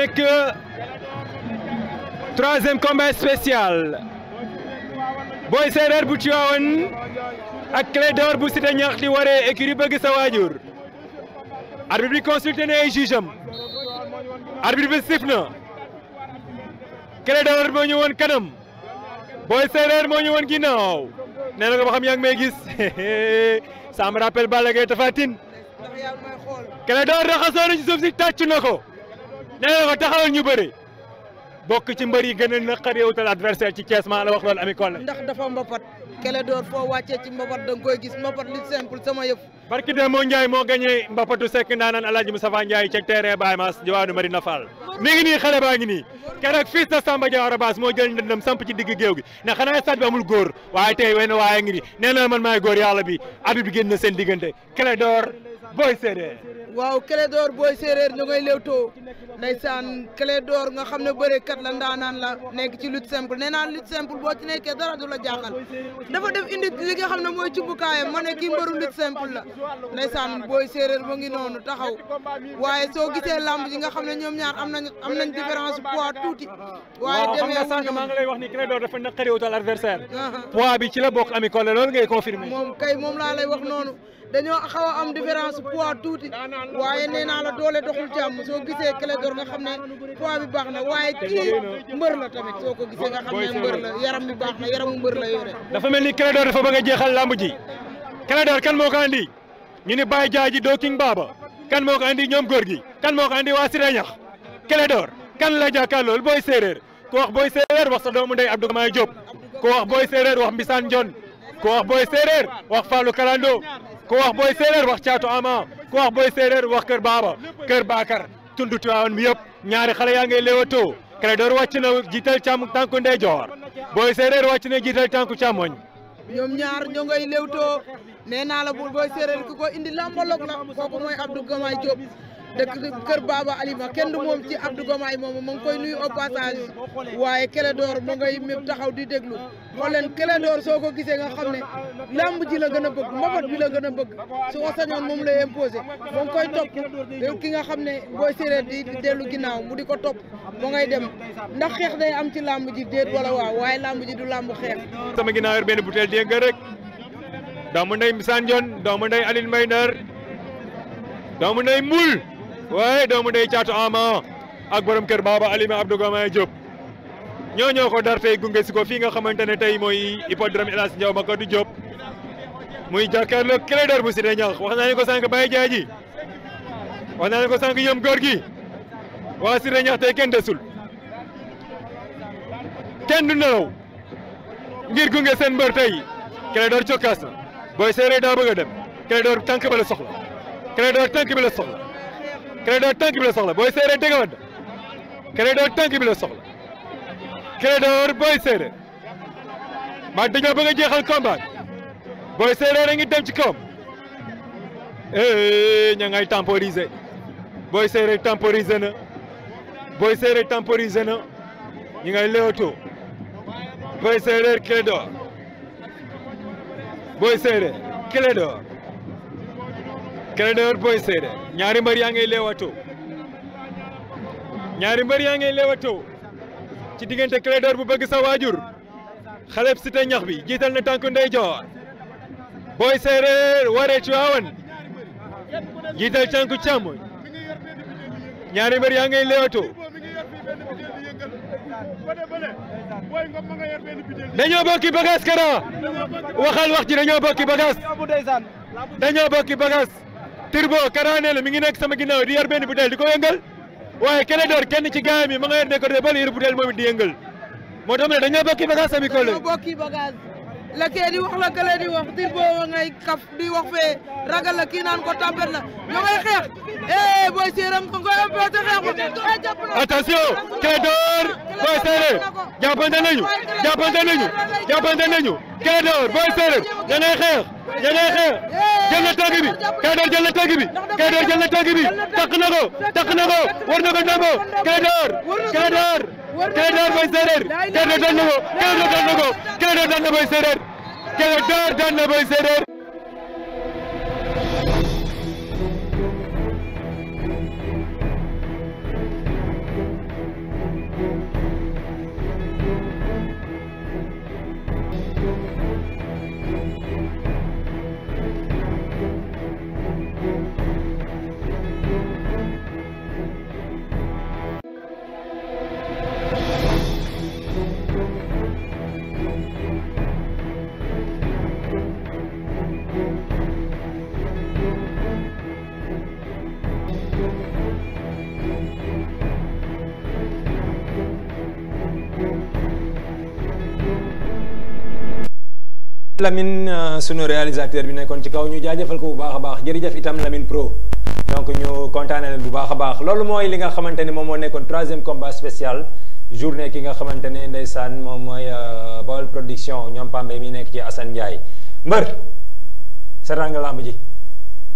nekk troisième combat spécial Boy Séeréer bu Tivaouane ak Clédor bu Cité Ñax di waree écurie bëgg sa waajur arbitre bi consulté na ay juge am bi sif na Clédor moo ñu woon kanam Boy Séeréer moo ñu woon ginnaaw nee na ba xam yaa ngi may gis ça me rappelle Balla Gaye Tapha ci suuf si tàccu nee na ko taxawal ñu bëri bokk ci mbër yi gën a naqaree utal adversaire ci Thiès maa la wax loolu Ami ndax dafa mbapat kele door foo wàccee ci mbapat da nga koy gis mbapat li simple sama yëf barki de moo Ndiaye moo gagné mbapatu sekk ndaanaan Alaaji Moustapha Ndiaye ca terrain Baye Mass Diwaanu Marina Fall mi ngi nii xale baa ngi nii keroog fils de Samba Diawara Bass moo jël ndëndam samp ci digg géew gi ne xanaa stade bi amul góor waaye tey wenn waaye ngi nii nee na man maay bi abib bi génn na seen diggante kele door Boy Séeréer. waaw Clédor Boy Séeréer ñu ngay léewtoo ndeysaan Clédor nga xam ne bëreekat la ndaanaan la nekk ci lutte simple nee naan lutte simple boo ci nekkee dara du la jaaxal dafa def indi li nga xam ne mooy cumbukaayam ma ne kii mbëru lutte simple la ndeysaan Boy Séeréer moo ngi noonu taxaw waaye soo gisee lamb ji nga xam ne ñoom ñaar am nañ am nañ différence poids tuuti. waaye demee wu sànq maa ngi lay wax ni Clédor dafa naqari wutal adversaire. poids bi ci la bokk Ami laa lay wax noonu. dañoo xawa am différence poids touti waye nee la doole doxul jàmm soo gisee dor nga xamne poids bi baxna waye ki mbeur la tamit soko ko gisee nga xamne mbeur la yaram bi baxna yaram mbeur la yore. dafa melni ni dor dafa bëgg jéxal lamb ji ji dor kan moko andi ñu ni Baye jaaji do Doking Baba kan moko andi ñom gor gi kan moko andi wa Siré Niakh dor kan la lol boy séeréer ko wax boy séeréer wax sa doomu ndey Abdou Gamay job ko wax boy séeréer wax Mbisaan jone ko wax boy séeréer wax fallu Kalando ku wax booy séeréer wax caatu ama ku wax booy séeréer wax kër baaba kër baakar tundu Tiwaawan mi yëpp ñaari xale yaa ngay léewatoo Clédor wàcc na jiital càmm tànku ndeyjoor booy séeréer wàcc na jiital tànku càmmoñ ñoom ñaar ñoo ngay léewtoo nee naa la bul booy séeréer ku ko indi lambaloog la kooku mooy Abdou Gamay Diop dëkk kër Baba Alima kenn du moom ci Abdou Gomaay moomu ma ngi koy nuyu au waaye Clédor mu ngay mépp taxaw di déglu xool leen Clédor soo ko gisee nga xam ne lamb ji la gën a bëgg mbabat bi la gën a bëgg su ko sañoon moom lay imposé ma ngi koy topp ki nga xam ne booy séeréer di dellu ginnaaw mu di ko topp mu ngay dem ndax xeex day am ci làmb ji déet wala waaw waaye lamb ji du lamb xeex. sama ginnaaw yor benn butéel dégg rek doomu ndey Misaan Dione doomu ndey Aline Mbaye Nder doomu ndey Mbul. Woi, doomu day caatu ama ak borom kër Ali Alima Abdou Gamay job ñoo ñoko dar tay gunge si ko fi nga xamantene tay moy mooy hippodrome El Hadj Ndiaw du job muy le Clédor bu Cité Niakh wax naa ne ko sank Baye jaaji wax naa ne ko sank yëm gor gi ci Cité tay kenn desul kenn du neew ngir gunge sen mbeur tay Clédor cokkaas Boy booy da bëgg dem Clédor tank ba soxla tank bi soxla. Clédor tànk bi la soxla Boy Séeréer dégg Clédor tànk bi la soxla Clédor Boy Séeréer ma dañoo bëgg a jeexal combat Boy Séeréer a ngi dem ci kawam eh ña ngay temporiser Boy Séeréer temporiser na Boy Séeréer temporiser na ñi ngay léewatoo Boy Séeréer Clédor Boy Séeréer Kerajaan pun Nyari beri yang lewat tu. Nyari beri yang lewat tu. Citi gente kerajaan pun bagi sahajur. Khalif sitan nyakbi. Jita netang kundai jawab. Boy warai Ware cuawan. Jita cang kucamu. Nyari beri yang lewat tu. Dengan apa bagas kena? Wakal wakil dengan apa bagas? Dengan apa bagas? Turbo Karaane mi ngi nekk sama ginnaaw di yor benn butéel di ko yëngal waaye Clédor kenn ci gaay mi ma nga yor nekk côté bële yor moom di yëngal moo tax ma dañoo bokki bagage sami collègue. la kee di wax la kële di wax dir booba ngay kaf di wax fee ragal la kii naan ko tàmpet la ñu ngay xeex eh Boy Séeréer nga koy empêché xeexul. attention kee door Boy Séeréer jàppante nañu jàppante nañu jàppante nañu kee door Boy Séeréer da ngay xeex da ngay xeex jël na tëgg bi kee door jël na tëgg bi kee door jël na tëgg bi takk na ko takk na ko war na ko ndombo kee door kee door Clédor daan na Boy Séeréer Clédor daan na ko Clédor daan na ko Clédor daan na Boy Séeréer Clédor daan na Boy Séeréer Lamin eh, sunu réalisateur bi nekkon ci kaw ñu jaajeufal ko bu baax baax jërëjëf itam lamin Pro donc ñu contane len bu baaxa baax loolu moy li nga xamante mom mo nekkon 3e combat spécial journée ki nga xamante ndaysan mom moy mooy euh, production ñom Pambe mi nekk ci Assane ndjay mbeur sa rang lamb ji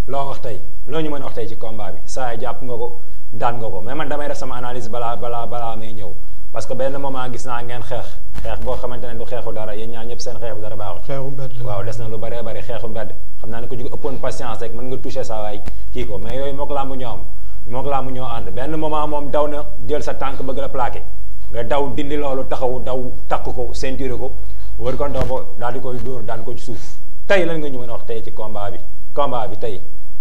lo wax tay lo ñu mëna wax tay ci combat bi saa japp nga ko daan nga ko mais man damay def sama analyse bala bala bala may ñew parce que benn moment gis naa ngeen xeex xeex boo xamante ne du xeexu dara yéen ñaar ñëpp seen xeex bu dara baaxul xeexu mbedd waaw des na lu bëree bëri xeexu mbedd xam naa ne ko jóg ëppoon patience rek mën nga touché sa waay kii ko mais yooyu mook làmb ñoo am mook làmb ñoo moom daw na jël sa tànk bëgg la plaqué nga daw dindi loolu taxawu daw takk ko ceinture ko wër ko ndombo daal di koy dóor daan ko ci suuf tey lan nga ñu mën a wax tey ci combat bi combat bi tey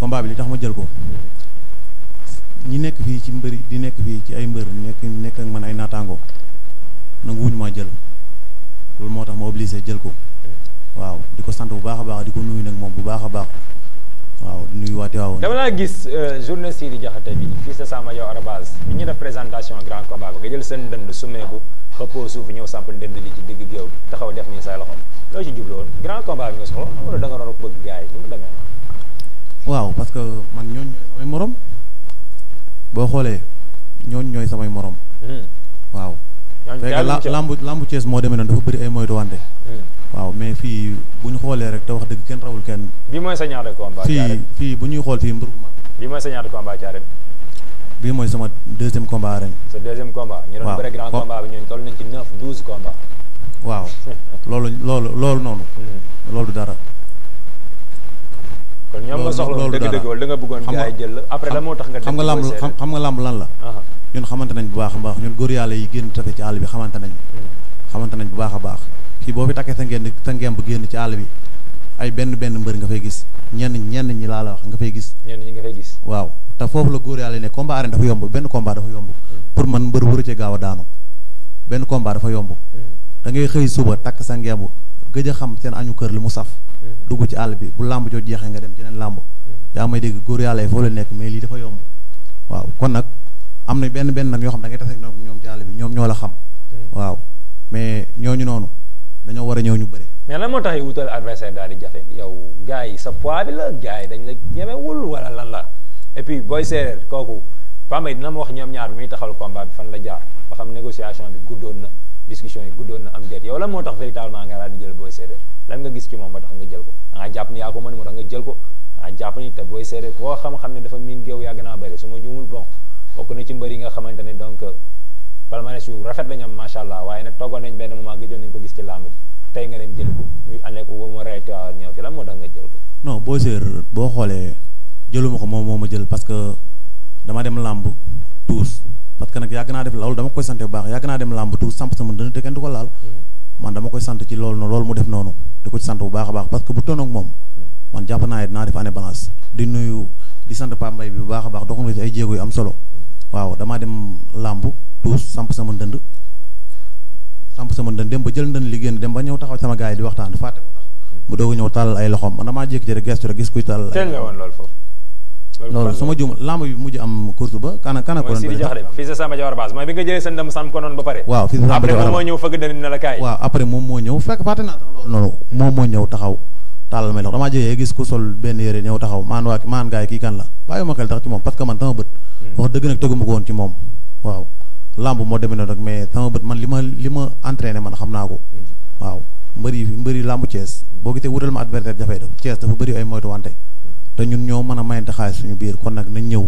combat yi tax ma jël ko ñi nekk fii ci mbëri di nekk fii ci ay mbër nekk nekk ak man ay naataango nanguwuñu moo jël loolu moo tax ma obligé jël ko waaw di ko sant bu baax a baax di ko nuyu nag moom bu baax a baax waaw di nuyu waate waaw dama laa gis euh, journée Sidi Diakhaté bi fii sa sama yow arabas bi ñu def présentation grand combat bi nga jël seen dënd sumeeku xëppoo suuf ñëw samp dënd li ci digg géew bi taxaw def nii say loxo loo ci jubloon grand combat bi nga da nga doon bëgg gars waaw parce que man ñooñ ñooy samay morom boo xoolee ñooñ ñooy samay morom. Hmm. waaw. fekk lambu lambu Thiès moo demee noonu dafa bëri ay moytuwante. Hmm. waaw mais fii bu ñu xoolee rek te wax dëgg kenn rawul kenn. bii mooy sa ñaata combat fii fii bu ñuy xool fii mbër bu mag. bii mooy sa ñaata combat ca bii mooy sama deuxième combat ren. sa deuxième combat. ñu doon bëri grand combat bi ñun toll nañ ci neuf waaw loolu loolu loolu hmm. loolu dara. kon ñoom nga soxla dëgg dëgg wala da nga bëggoon gaay jël la après la moo tax nga xam nga lamb xam nga lamb lan la ñun xamante nañ bu baax a baax ñun góor yàlla yi génn tafe ci àll bi xamante nañ hmm. xamante nañ bu baax a baax fii boo fi takkee sa ngeen sa ngeen bu génn ci àll bi ay benn benn mbër nga fay Mm-hmm. dugg ci àll bi bu làmb joo jeexee nga dem jeneen làmb mm-hmm. yaa may dégg góor yàlla yi foo leen nekk mais lii dafa yomb waaw kon nag am na benn benn nag ñoo xam da ngay tase ak ñoom ci àll bi ñoom ñoo la xam mm-hmm. waaw mais ñooñu noonu dañoo war a ñëw ñu bëri mais lan moo tax yu wutal adversaire daal di jafe yow gars sa poids bi la yi dañ la ñemewul wala lan la booy séeréer kooku Pambay dina ma wax muy taxal combat bi fan la jaar ba xam négociation bi guddoon na discussion yi guddoon na am déet yow lan moo tax véritablement nga daal di jël booy séeréer lan nga gis ci mom ba tax nga jël ko nga japp ni yako man mo nga jël ko nga japp ni te boy séré ko xam-xam ni dafa min géew ya gëna bari suma ma bon bokku na ci mbër nga xamantene ne donc palmarès yu rafet lañu am macha allah waaye nag toogoon nañ benn moment gëjoon ni ko gis ci lamb ji tay nga dem jël ko ñu alé ko mo rey wa ñew ci lan moo tax nga jël ko. non boy sér bo xolé jëluma ko mo mo ma jël parce que dama dem lamb tous parce que nak yàgg naa def loolu dama koy sant bu baax yàgg naa dem lamb tous sampu sama dañu te du ko laal hmm. man dama koy sante ci lol no loolu mu def noonu di ko ci sant bu baax a baax parce que bu tonoog moom man jàpp naa ne dinaa def année balance di nuyu di sant Pape Mbaye bi bu baax a baax dox na ci ay jéego yu am solo waaw damaa dem làmb tuus samp sama ndënd samp sama ndënd dem ba jël ndënd li génn dem ba ñëw taxaw sama gaay yi di waxtaan fàtte ko sax mu doog a ñëw tàllal ay loxoom man damaa jékki-jékki gestu rek gis kuy tàllal. teel nga loolu sama jum lamb bi mujj am course ba kana kana ko doon fii sa Samba Diawar Baas waaw après moom moo ñëw fëgg dani na fekk fàtte naa loolu moom moo ñëw taxaw tàllal may lox damaa jógee gis ku sol benn yére ñëw taxaw maan waa maan gaay kii kan la bàyyi ma xel tax ci moom parce que man sama bët hmm. wax dëgg nag teguma ko woon ci moom waaw lamb moo demee noonu rek mais sama bët man li ma li ma entraîné man xam naa ko hmm. waaw mbëri mbëri lamb Thiès boo gisee wutal ma adversaire jafee daf Thiès te ñun ñoo mëna a xaaliss xaalis suñu biir kon nak na ñëw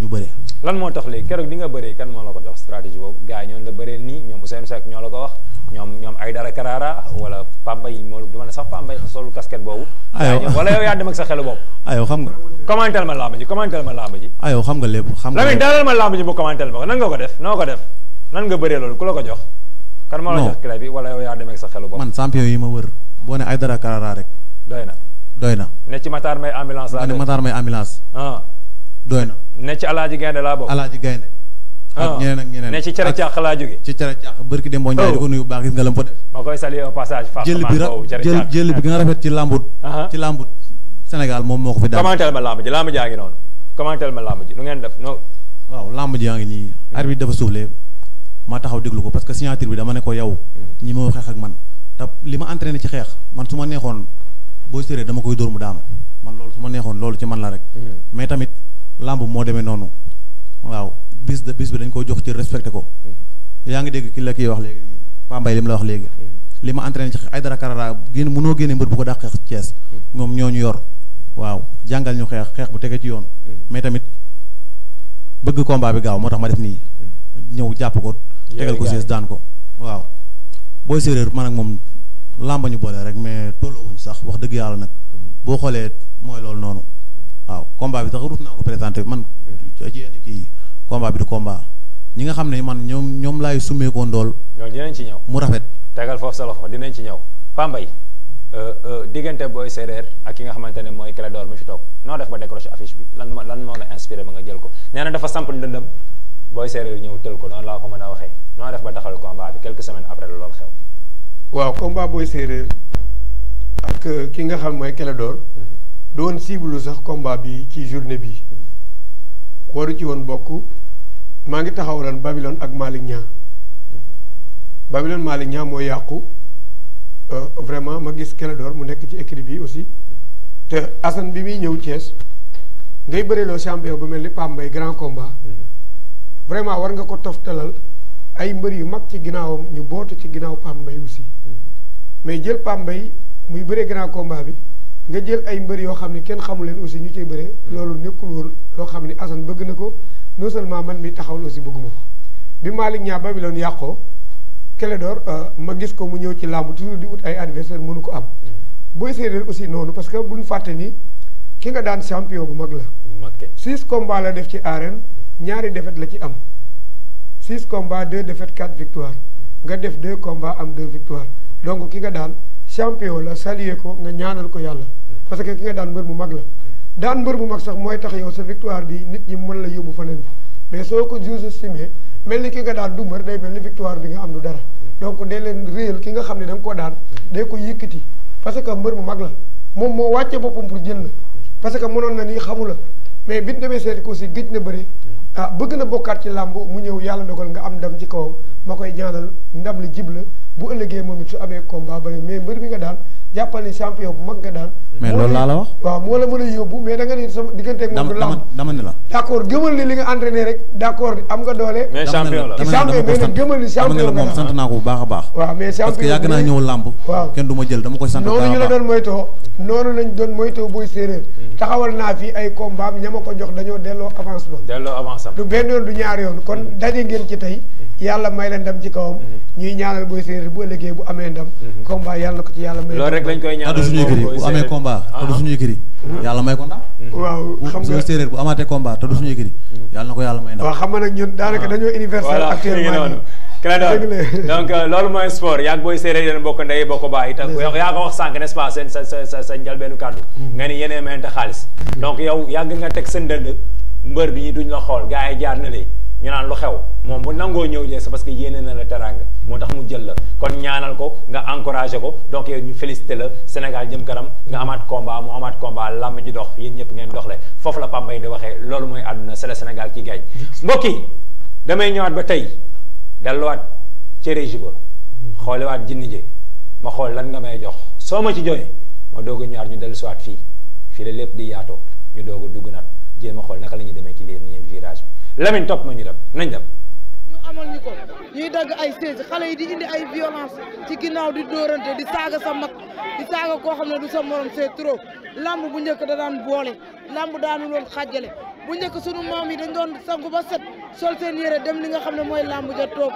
ñu bëré lan mo tax lé kérok di nga bëré kan mo la ko jox stratégie bobu gaay ñoo la bëré ni ñom Ousseynou Seck ñoo la ko wax ñom ñom ay dara Karara wala pamba yi mo du mëna sax pamba yi solu casquette boobu. aywa ah, wala yow ya dem ak sa xelu bopp. aywa ah, xam nga. commentel ma làmb ji commentel ma làmb ji. aywa ah, xam nga lépp xam nga lépp dalal ma làmb ji bu commentel ma nan nga ko def noo ko def nan nga bëré lool ku la ko jox. kan mo la jox clé bi wala yow ya dem ak sa xélu bobu man champion yi ma wër bo né ay dara Karara rek doyna doy na ne ci Matar Mbaye ambulance laa bokk Matar Mbaye ambulance. Ah. doy na ne ci Alaaji Gaynde Gaynde. Ah. ne ci cere càq laa jóge. ci cere càq barki Demba Ndiaye di ko oh. nuyu baax gis nga la mu fa def. ma koy saluer au passage. jël bi ra nga rafet ci lambut. Ah. ci lambut Sénégal moom moo ko fi daal. commentel ma lamb ji lamb jaa ngi noonu commentel ma lamb ji nu ngeen def no waaw lamb ji yaa ngi nii. Hmm. arbitre dafa soufflé ma taxaw déglu ko parce que signature bi dama ne ko yow. Hmm. ñi ma xeex ak man li ma entraîné ci xeex man su ma neexoon boo sëree dama koy dóor mu daanu man loolu su ma neexoon loolu ci man la rek. Hmm. mais tamit làmb moo demee noonu. waaw bis de bis bi dañ koo jox ci respecté ko. Hmm. yaa ngi dégg ki la kii wax léegi Pambay li mu la wax léegi. Hmm. li ma entraîné ci ay dara karara génn mënoo génne mbër bu ko daa xeex Thiès. ñoom ñoo ñu yor. waaw jàngal ñu xeex xeex bu tege ci yoon. mais tamit bëgg combat bi gaaw moo tax ma def nii. ñëw jàpp ko. tegal ko Thiès daan ko. waaw booy séeréer làmba ñu boole rek mais wuñ sax wax deug yalla nak bo xolé moy loolu nonu waaw combat bi sax rut naa man ci yenn ki combat bi du combat ñi nga xamné man man ñom lay sumé ko ndol ñol dinañ ci ñew mu rafet tegal fofu sa loxo dinañ ci ñew Pambay euh, euh, digënté boy séeréer ak ki nga xamantene moy mooy Clédor mi fi tok no def ba décrocher affiche bi lan lan mo la inspiré ba nga jël ko néna dafa samp ndëndëm boy séeréer ñew tël ko non la ko mëna waxé no def ba taxal combat bi quelques semaines après lool xew waaw combat boy séeréer ak euh, ki nga xam mooy Clédor mm-hmm. doon ciblu sax combat bi ci journée bi mm-hmm. waru ci woon bokk maa ngi taxawaloon Babylone ak malik Niang mm-hmm. Babylone Malick Niang moo yàqu euh, vraiment ma gis Clédor mu nekk ci écrit bi aussi te asan bi muy ñëw Thiès ngay bëriloo champion bu mel ni Pambay grand combat vraiment war nga ko toftalal ay mbër yu mag ci ginnaawam ñu bootu ci ginnaaw Pape Mbaye aussi mais jël Pape Mbaye muy bëree grand combat bi nga jël ay mbër yoo xam ne kenn xamul leen aussi ñu ciy bëree loolu nekkul woon loo xam ni Assane bëgg na ko non seulement man mi taxawul aussi bëgguma ko bi Malick ñaa Babylone yàqoo Clédor euh, ma gis ko mu ñëw ci làmb toujours di ut ay adversaire mënu ko am mm. booy séeréer aussi noonu parce que buñ fàtte ni ki nga daan champion bu mag la six combats la def ci arène ñaari défaite la ci am six combats de défaites quatre victoires nga def deux combats am deux victoires donc ki nga daan champion la saluer ko nga ñaanal ko yàlla parce que ki nga daan mbër mu mag la daan mbër mu mag sax mooy tax yow sa victoire bi nit ñi mën la yóbbu feneen mais soo ko sous-estimé mel ni ki nga daan du mbër day mel ni victoire bi nga am lu dara donc de leen réel ki nga xam ne da nga ko daan day ko yëkkati parce que mbër mu mag la moom moo wàcce boppam pour jël la parce que mënoon na ni xamu la mais bi demee seeti ko si na bëri ah bëgg na bokkaat ci làmb mu ñëw yàlla dogal nga am ndam ci kawam ma koy ñaanal ndam la jibla bu ëllëgee moom it su amee combat bëri mais mbër mi nga daan jàppal ni champion bu mag nga daan. mais loolu laa la wax. waaw moo la mën a yóbbu mais da nga ni sama digganteeg moom. du lamb dama la. d' accord gëmal ni li nga entraîné rek d' accord am nga doole. mais champion la moom sant naa ko bu baax a baax. waaw mais champion parce ma jël dama koy sant. noonu ñu la doon moytoo noonu lañ doon moytoo booy séeréer. Mm-hmm. taxawal naa fi ay combat ña ko jox dañoo delloo avancement. du benn yoon du ñaar yoon kon mm-hmm. daje ngeen rek lañ koy ñaanal kaddu suñu écurie bu amee combat te du suñu écurie yàlla may ko ndam waaw xam nga séeréer bu amaatee combat te du suñu hmm. yàlla na ko yàlla may ndam waaw xam nga nag ñun daanaka dañoo universel actuellement donc euh, loolu mooy sport yaag booy séeréer yéen bokk ndey bokk baay itam yaa ko wax sànq nest sa sa sa sa njalbeenu kàddu hmm. nga ni yeneen mayante xaalis hmm. donc yàgg nga teg seen dënd mbër bi ñu duñ la xool gars yi jaar na léegi ñu naan lu xew mom bu nango ñew ñe c'est parce que yene na la terang motax mu jël kon ñaanal ko nga encourager ko donc ñu féliciter le Sénégal jëm karam nga amat combat mu amat combat làmm ji dox yeen ñep ngeen doxle fofu la Pambay di waxe lolu moy aduna c'est le Sénégal ci gañ mbokki damay ñëwaat ba tey delluwaat ci régie ba xoolewaat jinni ji ma xol lan nga may jox soo ma ci joy ma dogu a ñu ñu dellusiwaat fi fi le lepp di yaato ñu dogu a jema xol naka lañu démé ci leen virage Lamine top ma ñu dem nañ dem. ñu amal ñuko ñi dag ay stage xalé yi di indi ay violence ci ginnaaw di dorante di saga sa mak di saga ko xamne du sa morom c'est trop lamb bu ñëk da daan boole lamb daanu loon xàjjale bu ñëk suñu maam yi dañ doon sangu ba set sol seen yére dem li nga xamne moy lamb ja top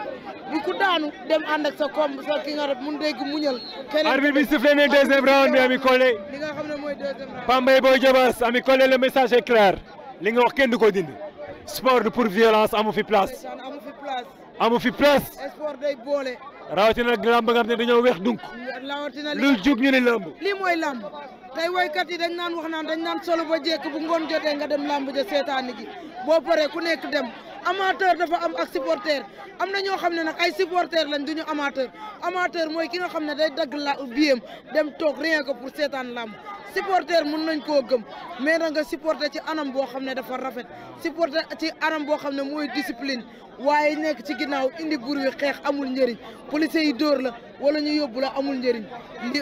bu ku daanu dem and ak sa komb sa ki nga rab mu dégg mu ñël arbitre bi sifflé né deuxième round bi Ami Collé. li nga xamne moy deuxième round. Pambay Boy Diobass Ami Collé le message est clair li nga wax kenn du ko dindi. sport pour violence amu fi place. amu fi place. sport day boole. rawatina nag làmb nga xam ne dañoo weex dunk. rawatina li lu jug ñu ne làmb. lii mooy làmb tey woykat yi dañ naan wax naan dañ naan solo ba jekk bu ngoon jotee nga dem làmb ja seetaani ji boo paree ku nekk dem. amateur dafa am ak supporter am na ñoo xam ne nag ay supporter lañ duñu amateur amateur mooy ki nga xam ne day dagg la biem dem toog rien que pour seetaan làmb supporter mën nañ koo gëm mais na nga supporter ci anam boo xam ne dafa rafet supporter ci anam boo xam ne mooy discipline waaye nekk ci ginnaaw indi bur xeex amul njëriñ police yi dóor la wala ñu yóbbu la amul njëriñ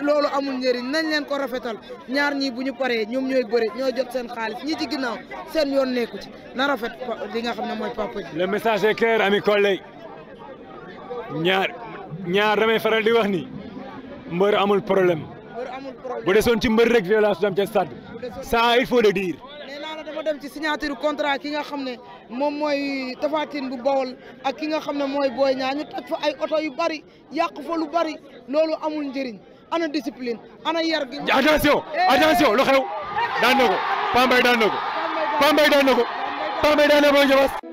loolu amul njëriñ nañ leen ko rafetal ñaar ñii bu ñu paree ñoom ñooy bëri ñoo jot seen xaalis ñii ci ginnaaw seen yoon nekku ci na rafet li nga xam ne mooy papa ji le message est clair ami collègue ñaar ñaar damay faral di wax ni mbër amul problème bu desoon ci mbër rek violence du am ca stade ça il faut le dire. nee naa la dem ci signature contrat ki a xam ne moom mooy tafatin bu bawol ak ki nga xam ne mooy booy ñaa ñu toj ay oto yu bari yàq fa lu bari loolu amul njëriñ ana discipline ana yar gi. attention eh! attention lu xew daan na ko Pambay daan na ko Pambay daan na ko Pambay daan na ko Pambay daan na ko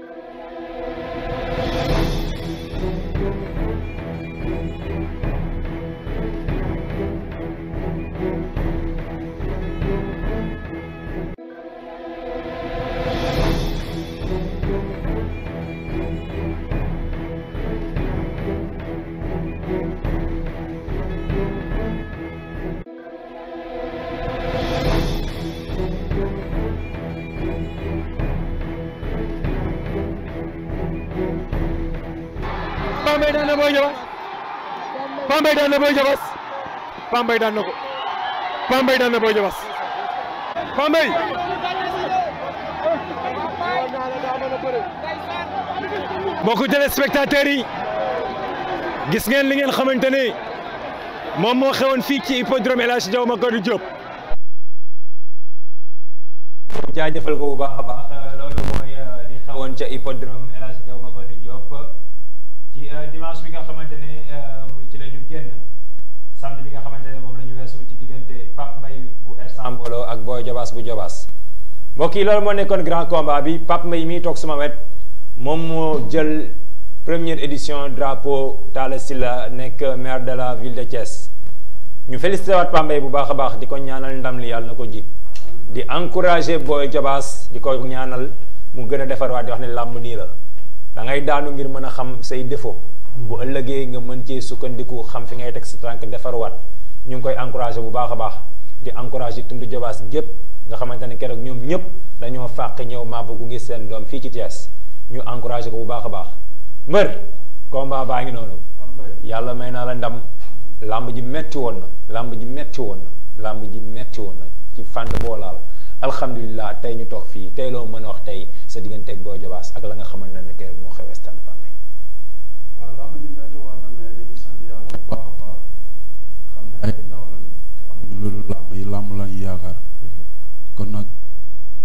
Boy Diobass Pambay daan na Boy Diobass Pambay daan na ko Pambay daan na Boy Diobass yi gis ngeen li ngeen xamante ni moom moo xewoon fii ci hippodrome El Hadj Diaw Macodou jaajëfal ko bu baax a baax loolu mooy euh, li xewoon ca hippodrome. boy jabas bu jabas mbokki lol mo nekkon grand combat bi pap may mi tok suma wet mom mo jël première édition drapeau Talla Sylla maire de la ville de Thiès ñu félicité wat Pape bu baaxa baax di ñaanal ndam li yalla nako ko ji di encourager boy jabas di ko ñaanal mu gëna défar wat di wax ni lamb ni la da ngay daanu ngir mëna xam say défaut bu ëllëgé nga mën ci sukkandiku xam fi ngay tek sa défar wat ñu ngi koy encourager bu baaxa baax di encourage tundu jobaas gep nga xamanteni kérok ñom ñep dañu faq ñew ma màbb gu ngi seen doom fi ci ties ñu encourage ko bu baaxa baax mbër combat baa ngi noonu yàlla may na la ndam lamb ji metti won na lamb ji metti won na lamb ji metti won na ci fand bo laal alhamdullilah tay ñu tok fi tay lo mëna wax tay sa digënté ak bo Diobass ak la nga xamanteni kérok mo xewé xewee stade Bambey. waaw làmb ji metti woon na mais dañuy sant yàlla bu baax mbiru làmb yi làmb lañ yaakaar kon nag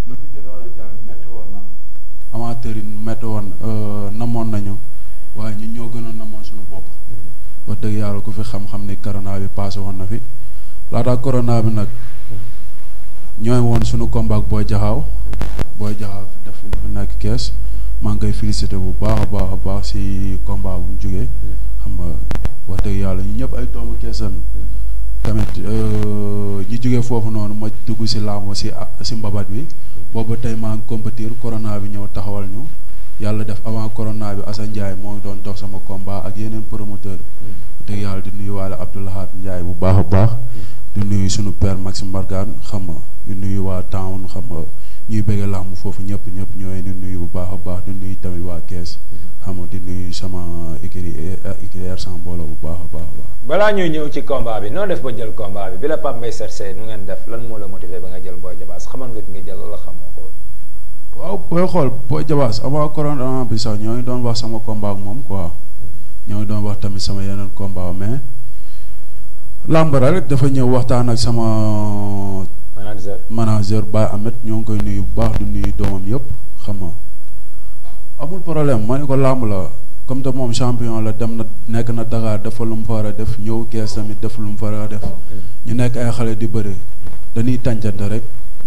lu fi jotoon jaar métti woon na amateur yi métti woon eh, namon nañu waaye ñu ñoo gën a suñu bopp ba dëgg yàlla ku fi xam-xam ni corona bi passé woon na fi laata corona bi nag ñooy woon suñu combat ak Boy Diakhao Boy Diakhao def lu fi nekk kees maa ngi koy bu baax baax baax si combat bu mu jógee xam nga wax dëgg yàlla ñu ay doomu tamit euh, ñi jógee fofu noonu ma duggu si lamb ci ci mbabat bi bobu tay ma ngi compétir corona bi ñew taxawal ñu yalla def avant corona bi Assane jaay mo ngi doon dox sama combat ak yeneen promoteur te yalla di nuyu waale Abdoulahat jaay bu baax baax di nuyu suñu père Maxime bargan xam nga di nuyu wa town xam nga ñi bëgg lamb fofu ñep ñep ñoy ni nuyu bu baax baax di nuyu tamit wa caisse xam nga di nuyu sama éclaire sans mbooloo bu baakha a baax a baax. balaa ñuy ñëw ci combat bi noo def ba jël combat bi bi la Pape Mbaye Sarr nu ngeen def lan mo la motivé ba nga jël Boy Jabaas xamoon nga nga jël la xamoo ko. waaw boy xol Boy Jabaas avant corona bi sax ñoy doon wax sama combat ak moom quoi ñoy doon wax tamit sama yenen combat mais lambara rek dafa ñew waxtaan ak sama. manager manager ba amet ñong koy nuyu bu baax du nuyu domam yëpp xam nga amul problème mané ko lamb la. comme te moom champion la dem na nekk na Dakar def fa lu mu war a def ñëw Cees tamit def lu mu war a def ñu nekk ay xale di bëri dañuy tàncante rek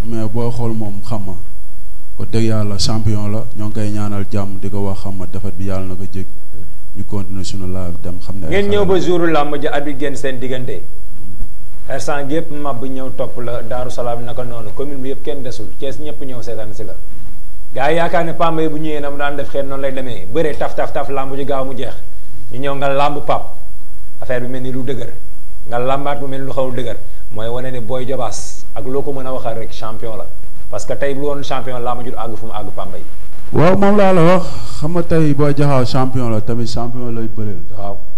mais boo xool moom xam ma ko dëgg yàlla champion la ñoo ngi koy ñaanal jàmm di ko wax xam ma defet bi yàlla na ko jég ñu continuer suñu laa dem xam ne ngeen ñëw ba jouru làmb ji abi génn seen diggante ersan gi yëpp mab ñëw topp la Daaru Salaam naka noonu commune bi yëpp kenn desul Cees ñëpp ñëw seetaan si la gaa yi yaakaar ne pambay bu ñëwee na mu daan def xeet noonu lay demee bëree taf taf taf làmb ji gaaw mu jeex ñu ñëw nga làmb pap affaire bi mel ni lu dëgër nga làmbaat mu mel ni lu xaw dëgër mooy wane ne booy jobaas ak loo ko mën a waxal rek champion la parce que tey bu woon champion làmb jur àgg fu mu àgg pambay waaw moom laa la wax xam nga tey booy jaxaaw champion la tamit champion lay bëreel waaw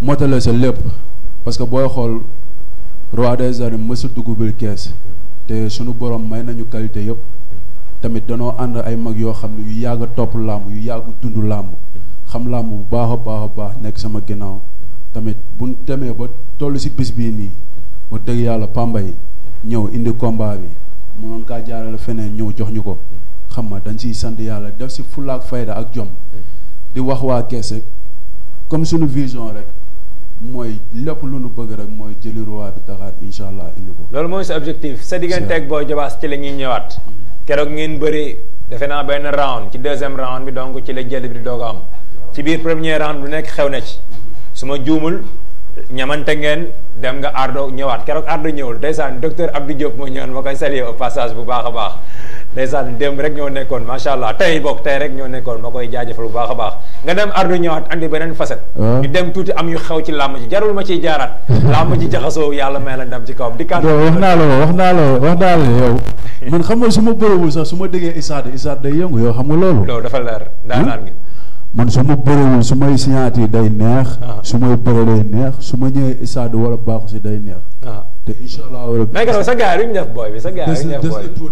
motale sa lépp parce que booy xool roi des arènes mësul dugg biir kees te sunu borom may nañu qualité yëpp tamit danoo ànd ay mag yoo xam ne yu yàgg a topp làmb yu yàgg tund làmb xam làmb bu baax a baax a baax nekk sama ginnaaw tamit buñ demee ba toll si bis bii nii ba dëgg yàlla pamba yi ñëw indi combat bi mënoon kaa jaarale feneen ñëw jox ñu ko xam nga dañ siy sant yàlla def si fulaak fayda ak jom di wax waa kees rek comme sunu vision rek. mooy lépp lu nu bëgg rek mooy jëli roi bi Dakar incha allah indi ko. loolu mooy sa objectif sa diggante ak Boy Diobass ci la ñuy ñëwaat keroog ngeen bëri defe naa benn round ci deuxième round bi donc ci la jël bi doog a am ci biir premier round bu nekk xew na ci su ma juumul ñamante ngeen dem nga Ardo ñëwaat keroog Ardo ñëwul ndeysaan docteur Abdou Diop moo ñëwoon ma koy saluer au passage bu baax a baax. ndeysaan démb rek ñoo nekkoon macha allah tey bokk tey rek ñoo nekkoon ma koy jaajëfal bu baax a baax nga dem ardu ñëwaat andi beneen facette ñu ah. dem tuuti am yu xew ci làmb ji jarul ma ci jaaraat làmb ji jaxasoo yàlla may la ndam ci kawam di kaan wax naa la wax naa la wax naa la yow man xam su ma bërëwul sax su ma déggee isaad isaad day yëngu yow xam nga loolu loolu dafa leer daanaan ngi hmm? man su ma bëriwul su may signature day neex. Ah. su may bëri day neex su ma ñëwee stade wala baaxu si day neex. Ah. te incha allah wala. mais que sa gars yi duñ def booy bi sa gars yi duñ def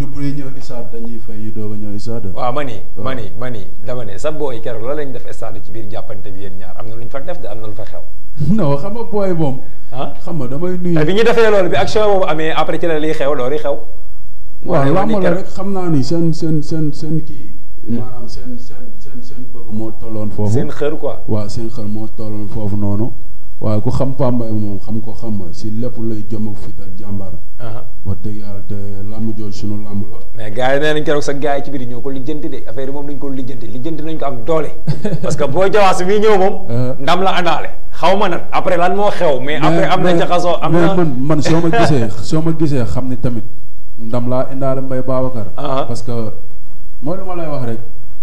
booy a ñëw stade. ma ni ma sa booy keroog la lañ def stade ci biir jàppante yéen ñaar am na lu ñu fa def de am lu fa xew. non xam nga booy moom. ah xam nga damay nuyu. bi ñu defee loolu bi ak boobu amee après ci la liy xew loolu xew. waaw làmb la rek xam naa ni seen seen seen seen kii. Hmm. maanaam seen seen seen bëgg moo tolloon foofu seen xër quoi. waaw seen xër moo tolloon foofu noonu waaw ku xam Pambaay moom xam ko xam si lépp lay jom ak fit ak jàmbaar. wax dëgg yàlla te làmb jooj sunu làmb la. mais gars yi nee nañ keroog sa gars yi ci biir ñoo ko lijjanti de affaire yi moom dañ ko lijjanti nañ ko ak doole parce que boo jawaas mii ñëw moom. ndam la andaale. xaw ma nag après lan moo xew. mais après am na jaxasoo am na man man soo ma gisee soo ma gisee xam ni tamit ndam laa indaale Mbaye Babacar. parce que mooy lu ma lay wax rek.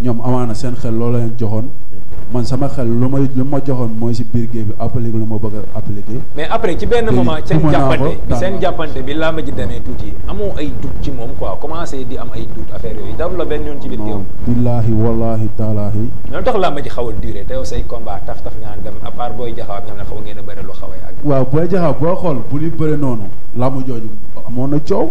ñoom amaana seen xel loolu leen joxoon man sama xel lu ma lu ma joxoon mooy si biir bi appliqué lu ma bëgg a mais après ci benn moment seen jàppante bi seen jàppante bi laa ma ji demee tuuti amoo ay doute ci moom quoi commencé di am ay doute affaire yooyu daru la benn yoon ci biir géew. billaahi wallaahi taalaahi. loolu tax laa ma ji xaw a duré te yow say combat taf taf nga dem à part booy jaxaw nga xam ne xaw ngeen a bëri lu xaw a yàgg. waaw booy jaxaw boo xool bu ñu bëri noonu laa ma na coow.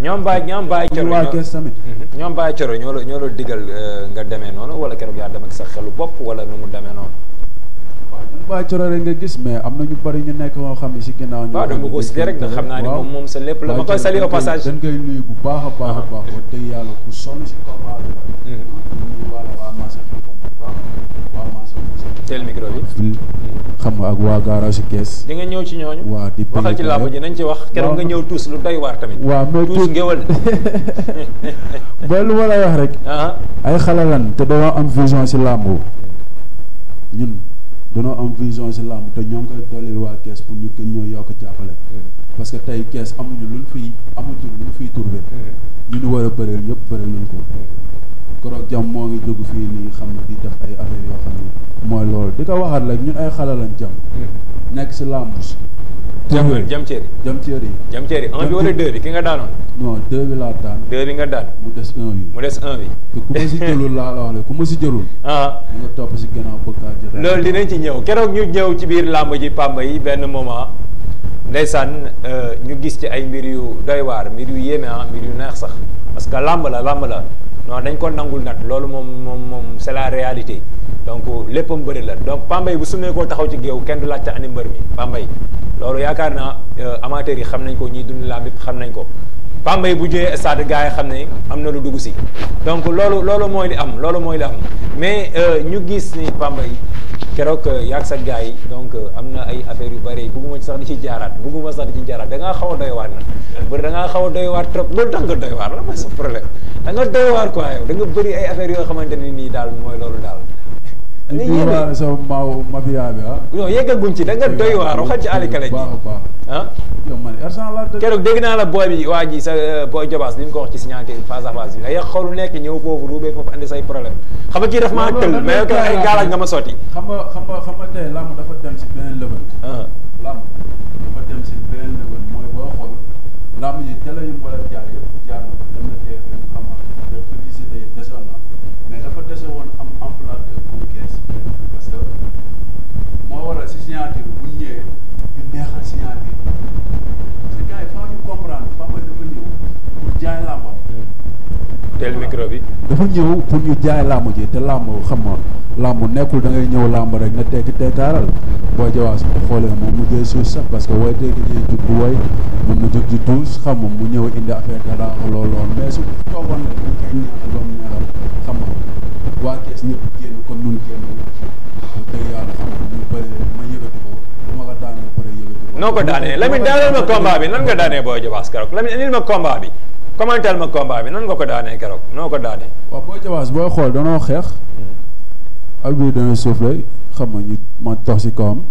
ñoom Baye ñoom Baye Coro waa Kees tamit mhm. ñoom Baye ñoo la ñoo euh, nga demee noonu wala keroog yaa dem ak sa xelu bopp wala nu mu demee noonu. waaw ñun Baye Coro rek nga gis mais am na ñu bari ñu nekk moo xam ne si ginnaaw. ñu waaw dama ko cité rek nga xam naa ne moom moom sa lépp la ma koy sali passage. dañ koy bu baax a baax a baax. wax dëgg yàlla ku sonn si combat bi. Mhm. teel micro bi. Mm. xam nga ak waa garage kees. di nga ñëw ci ñooñu. waa di waxal ci làmb nañ ci wax. keroog nga ñëw tuus lu doy waar tamit. waaw mais tuus ngéwal. ba lu ma lay wax rek. Ah. ay xalalan te dañoo am vision si làmb. ñun dañoo am vision si làmb te ñoo ngi koy dooleel waa kees pour ñu gën ñoo yokk jàppale. Mm. parce que tey kees amuñu luñ fiy amatul luñ fiy turbe. Mm. ñu ñu war a bëreel ñëpp bëreel nañ ko. Goro Jam moo ngi dugg fii nii xam ne di def ay affaire yoo xam ne mooy loolu di ko waxaat rek ñun ay xale lañ jam nekk si làmb si. jam jam ceeri jam ceeri jam ceeri un bi wala deux bi ki nga daanoon. non deux bi laa daan. deux bi nga daan. mu des un bi mu des te ku ma si jëlul laa la wax de ku ma si jëlul. ah nga topp si gannaaw bëgg loolu dinañ ci ñëw keroog ñu ñëw ci biir làmb ji pàmba yi benn moment. ndeysaan euh, ñu gis ci ay mbir yu doy waar mbir yu yéeme ah, mbir yu sax parce que làmb la non dañ ko nangul nat loolu mom reality, mom c'est la réalité donc leppam mbëri la donc pambay bu sumé ko taxaw ci géew kenn du lacc ani mbeur mi pambay loolu yakarna euh, amateur yi xamnañ ko ñi dund la xamnañ ko pamba yi bu jógee stade gars yi xam ne am na lu dugg si donc loolu loolu mooy li am loolu mooy li am mais euh, ñu gis ni pamba yi keroog euh, yàgg sa gars yi donc euh, am na ay affaires yu bëri bugguma sax di ci jaaraat bugguma sax di ci jaaraat da ngaa xaw a doy waar na bëri da ngaa xaw a doy waar trop loolu tax nga doy waar la mooy sa problème da nga ko waar quoi yow da nga bëri ay affaires yoo xamante ne nii daal mooy loolu daal di duubaale sama maaw mafia bi ah. non yeggaguñ ci da nga doy waar waxal ci Aliou Kale ji baax baax ah. dëgg. naa la booy bi waa sa euh, booy Jobaas li ñu ko wax ci signature a à face bi ay xolu nekk ñëw foofu ruubee foofu andi say problème xam nga kii daf maa tël mais yow ay gaalaaj nga ma sotti. xam nga xam nga xam nga dafa dem si beneen level. làmb dafa dem si ah. a signature bu ñu ñëwee ñu hmm. dafa ñëw pour ñu jaay làmb ji te làmb xam nga làmb nekkul da ngay ñëw làmb rek nga tekki tekkaaral boo jawaas bu xoolee moom mu jël suuf sax parce que way tekki ji jug bu way mu jug ji douze xam mu ñëw indi affaire dara lool lool mais su toogoon rek dañ koy neexal ba mu waa kees ñëpp génn comme nun génn tey yàlla xam noo ko daanee Lamine daaneel ma combat bi nan nga daanee Boy Diobass keroog Lamine indil ma combat bi commentel ma combat bi nan nga ko daanee keroog noo ko daanee. waaw Boy booy xool danoo xeex. Hmm. ak biir dana soufflé xam nga ni ma tox si kawam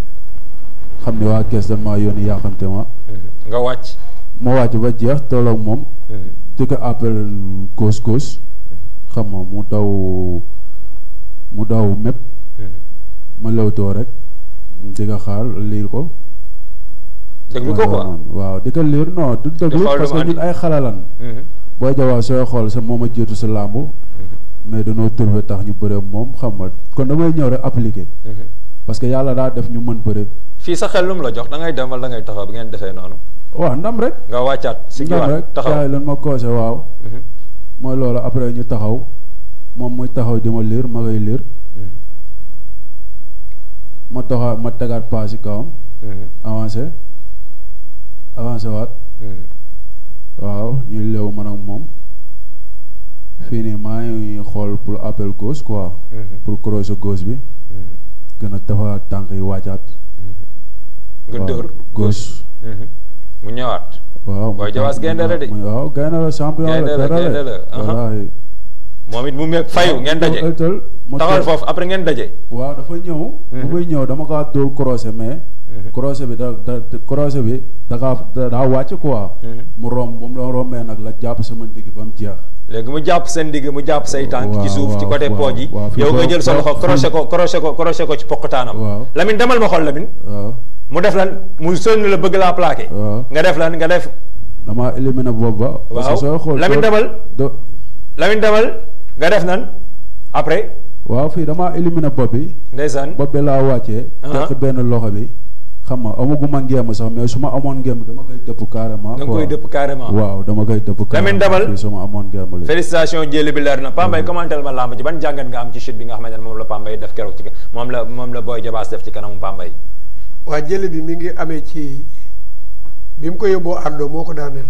xam ne waa kees dama maa yàqante ma. Hmm. nga wàcc. ma wàcc ba jeex tolloog moom. Hmm. di ko appel cause xam nga mu daw mu daw mépp ma lewtoo rek di ko xaar liir ko. déglu ko quoi waaw di ko liir non du déglu parce ñun ay xalalan mhm. booy jawaaw sooy xool sa moom a jéetu sa làmb mhm. mais danoo turbe tax ñu bëre moom xam ma kon damay ñëw rek appliqué mhm. parce que yàlla daa def ñu mën bëre fii sa xel lu la jox dangay ngay demal da ngay taxaw bi ngeen defee noonu waaw ndam rek nga wàccaat si ndam rek taxaw yi lan ma koose waaw mooy loolu après ñu taxaw moom muy taxaw di ma liir ma koy liir ma taxaw ma tegaat pas si kawam avancé avancé wat hmm. waaw ñu lew man ak moom fii nii maa ngi xool pour appel gauche quoi hmm. pour croise gauche bi hmm. gën a tafa tànk yi waajaat nga dóor gauche mu ñëwaat waaw booy jawaas gaynde la de waaw gaynde la champion la gaynde la wallaay moom it mu me fayu ngeen daje taxawal foofu après ngeen daje waaw dafa ñëw bu muy ñëw dama kaa dóor croisé mais croisé bi da da croisé bi da kaa daa wàcc quoi. Mm-hmm. mu romb bu mu la nag la jàpp sama ndigg ba mu jeex. léegi mu jàpp seen ndigg mu jàpp say tànk. ci suuf ci côté pooj yi. yow nga jël sa loxo croché ko croché ko croché ko ci poqutaanam. waaw Lamine ma xool Lamine. waaw mu def lan mu sonn la bëgg laa plaqué. nga def lan nga def. damaa éliminé boobu ba. parce que sooy xool Lamine demal. Lamine demal nga def nan après. waaw fii damaa éliminé bopp bi. ndeysaan bopp bi laa wàccee. Uh-huh. teq benn loxo bi. xam nga amaguma ngeem sax su ma amoon ngeem dama koy dëpp carrément. da nga koy dëpp carrément waaw dama koy dëpp. carrément dabal su ma amoon ngeem la. félicitation jëli bi leer na Pambay commenté bi moom la Pambay def keroog moom la moom Jabaas def ci kanamu Pambay. bi mi ngi amee ci bi mu ko yóbboo Ardo moo ko daaneel.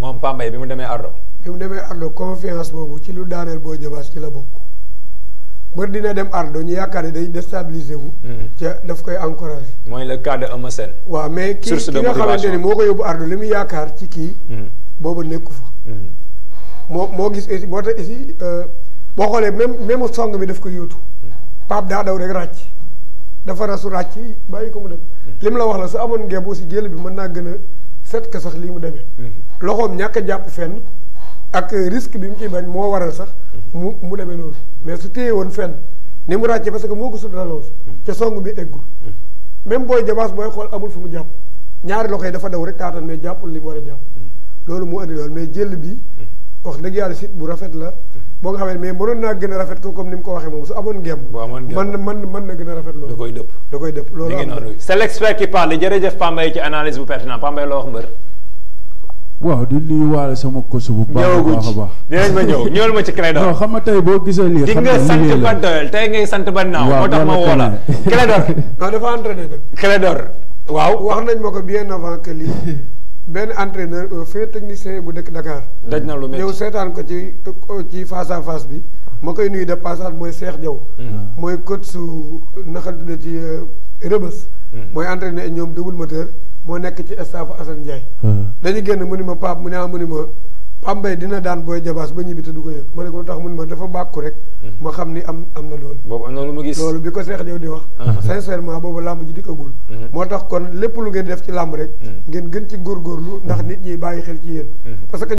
moom Pambay bi mu demee Ardo. bi mu demee Ardo confiance boobu ci lu daaneel Boy Jabaas ci la bokk. mbër dem ardo ñu day déstabiliser wu. Mhm. ca daf koy encourager. le cas de Eumeu Sen. mais ki ya nga xamante ni moo ko yóbbu ardo li muy yaakaar ci kii. Mhm. booba nekku fa. Mhm. moo moo gis aussi moo tax aussi euh, boo xoolee même même song bi daf ko yóotu. pap daa daw rek ràcc. dafa rasu ràcc bàyyi mu dem. li la wax la su bi a set ka sax lii mu demee. loxoom ak risque bi mu ciy bañ moo waral sax mu mu demee noonu mais su téye woon fenn ni mu ràcce parce que moo ko suturaloos ca song bi eggul même booy jabaas booy xool amul fu mu jàpp ñaari loxo yi dafa daw rek taatan mais jàppul li mu war a jàpp loolu moo indi loolu mais jël bi wax dëgg yàlla sit bu rafet la boo nga xamee mais mënoon naa gën a rafet ko comme ni mu ko waxee moom su amoon ngemb mën na mën mën na gën a rafet loolu da koy dëpp loolu c'est l'expert qui parle loo wax mbër waaw di nuyuwaale sama kosu bu baax a baax a baax ma ñëw ñëwal ma ci Clédor non xam nga tey boo gisee ngay sant ba naaw moo tax ma woo la Clédor dafa entraîné nag Clédor waaw wax nañ ma ko bien avant que lii benn entraîneur fee technicien bu dëkk Dakar daj na lu métti seetaan ko ci ci face bi ma koy nuyu de mooy Cheikh Diaw mm-hmm. mooy coach su naxal tudde ci euh, Rebeuss mm-hmm. mooy entraîneur ñoom double moteur mo nek ci staff Assane Ndiaye hmm. dañu genn mu ni ma pap mu ne ah mu ni ma pambay dina daan boy jabas ba ñibi te du ko yek mo ne ko tax mu ni ma dafa bakku rek hmm. ma xam ni am am na loolu boobu am na lu ma gis lool bi ko seex di wax hmm. sincèrement bobu lamb ji dikkagul mo tax kon lepp lu ngeen def ci lamb rek ngeen gën ci góorgóorlu ndax nit ñi bayyi xel ci yeen parce que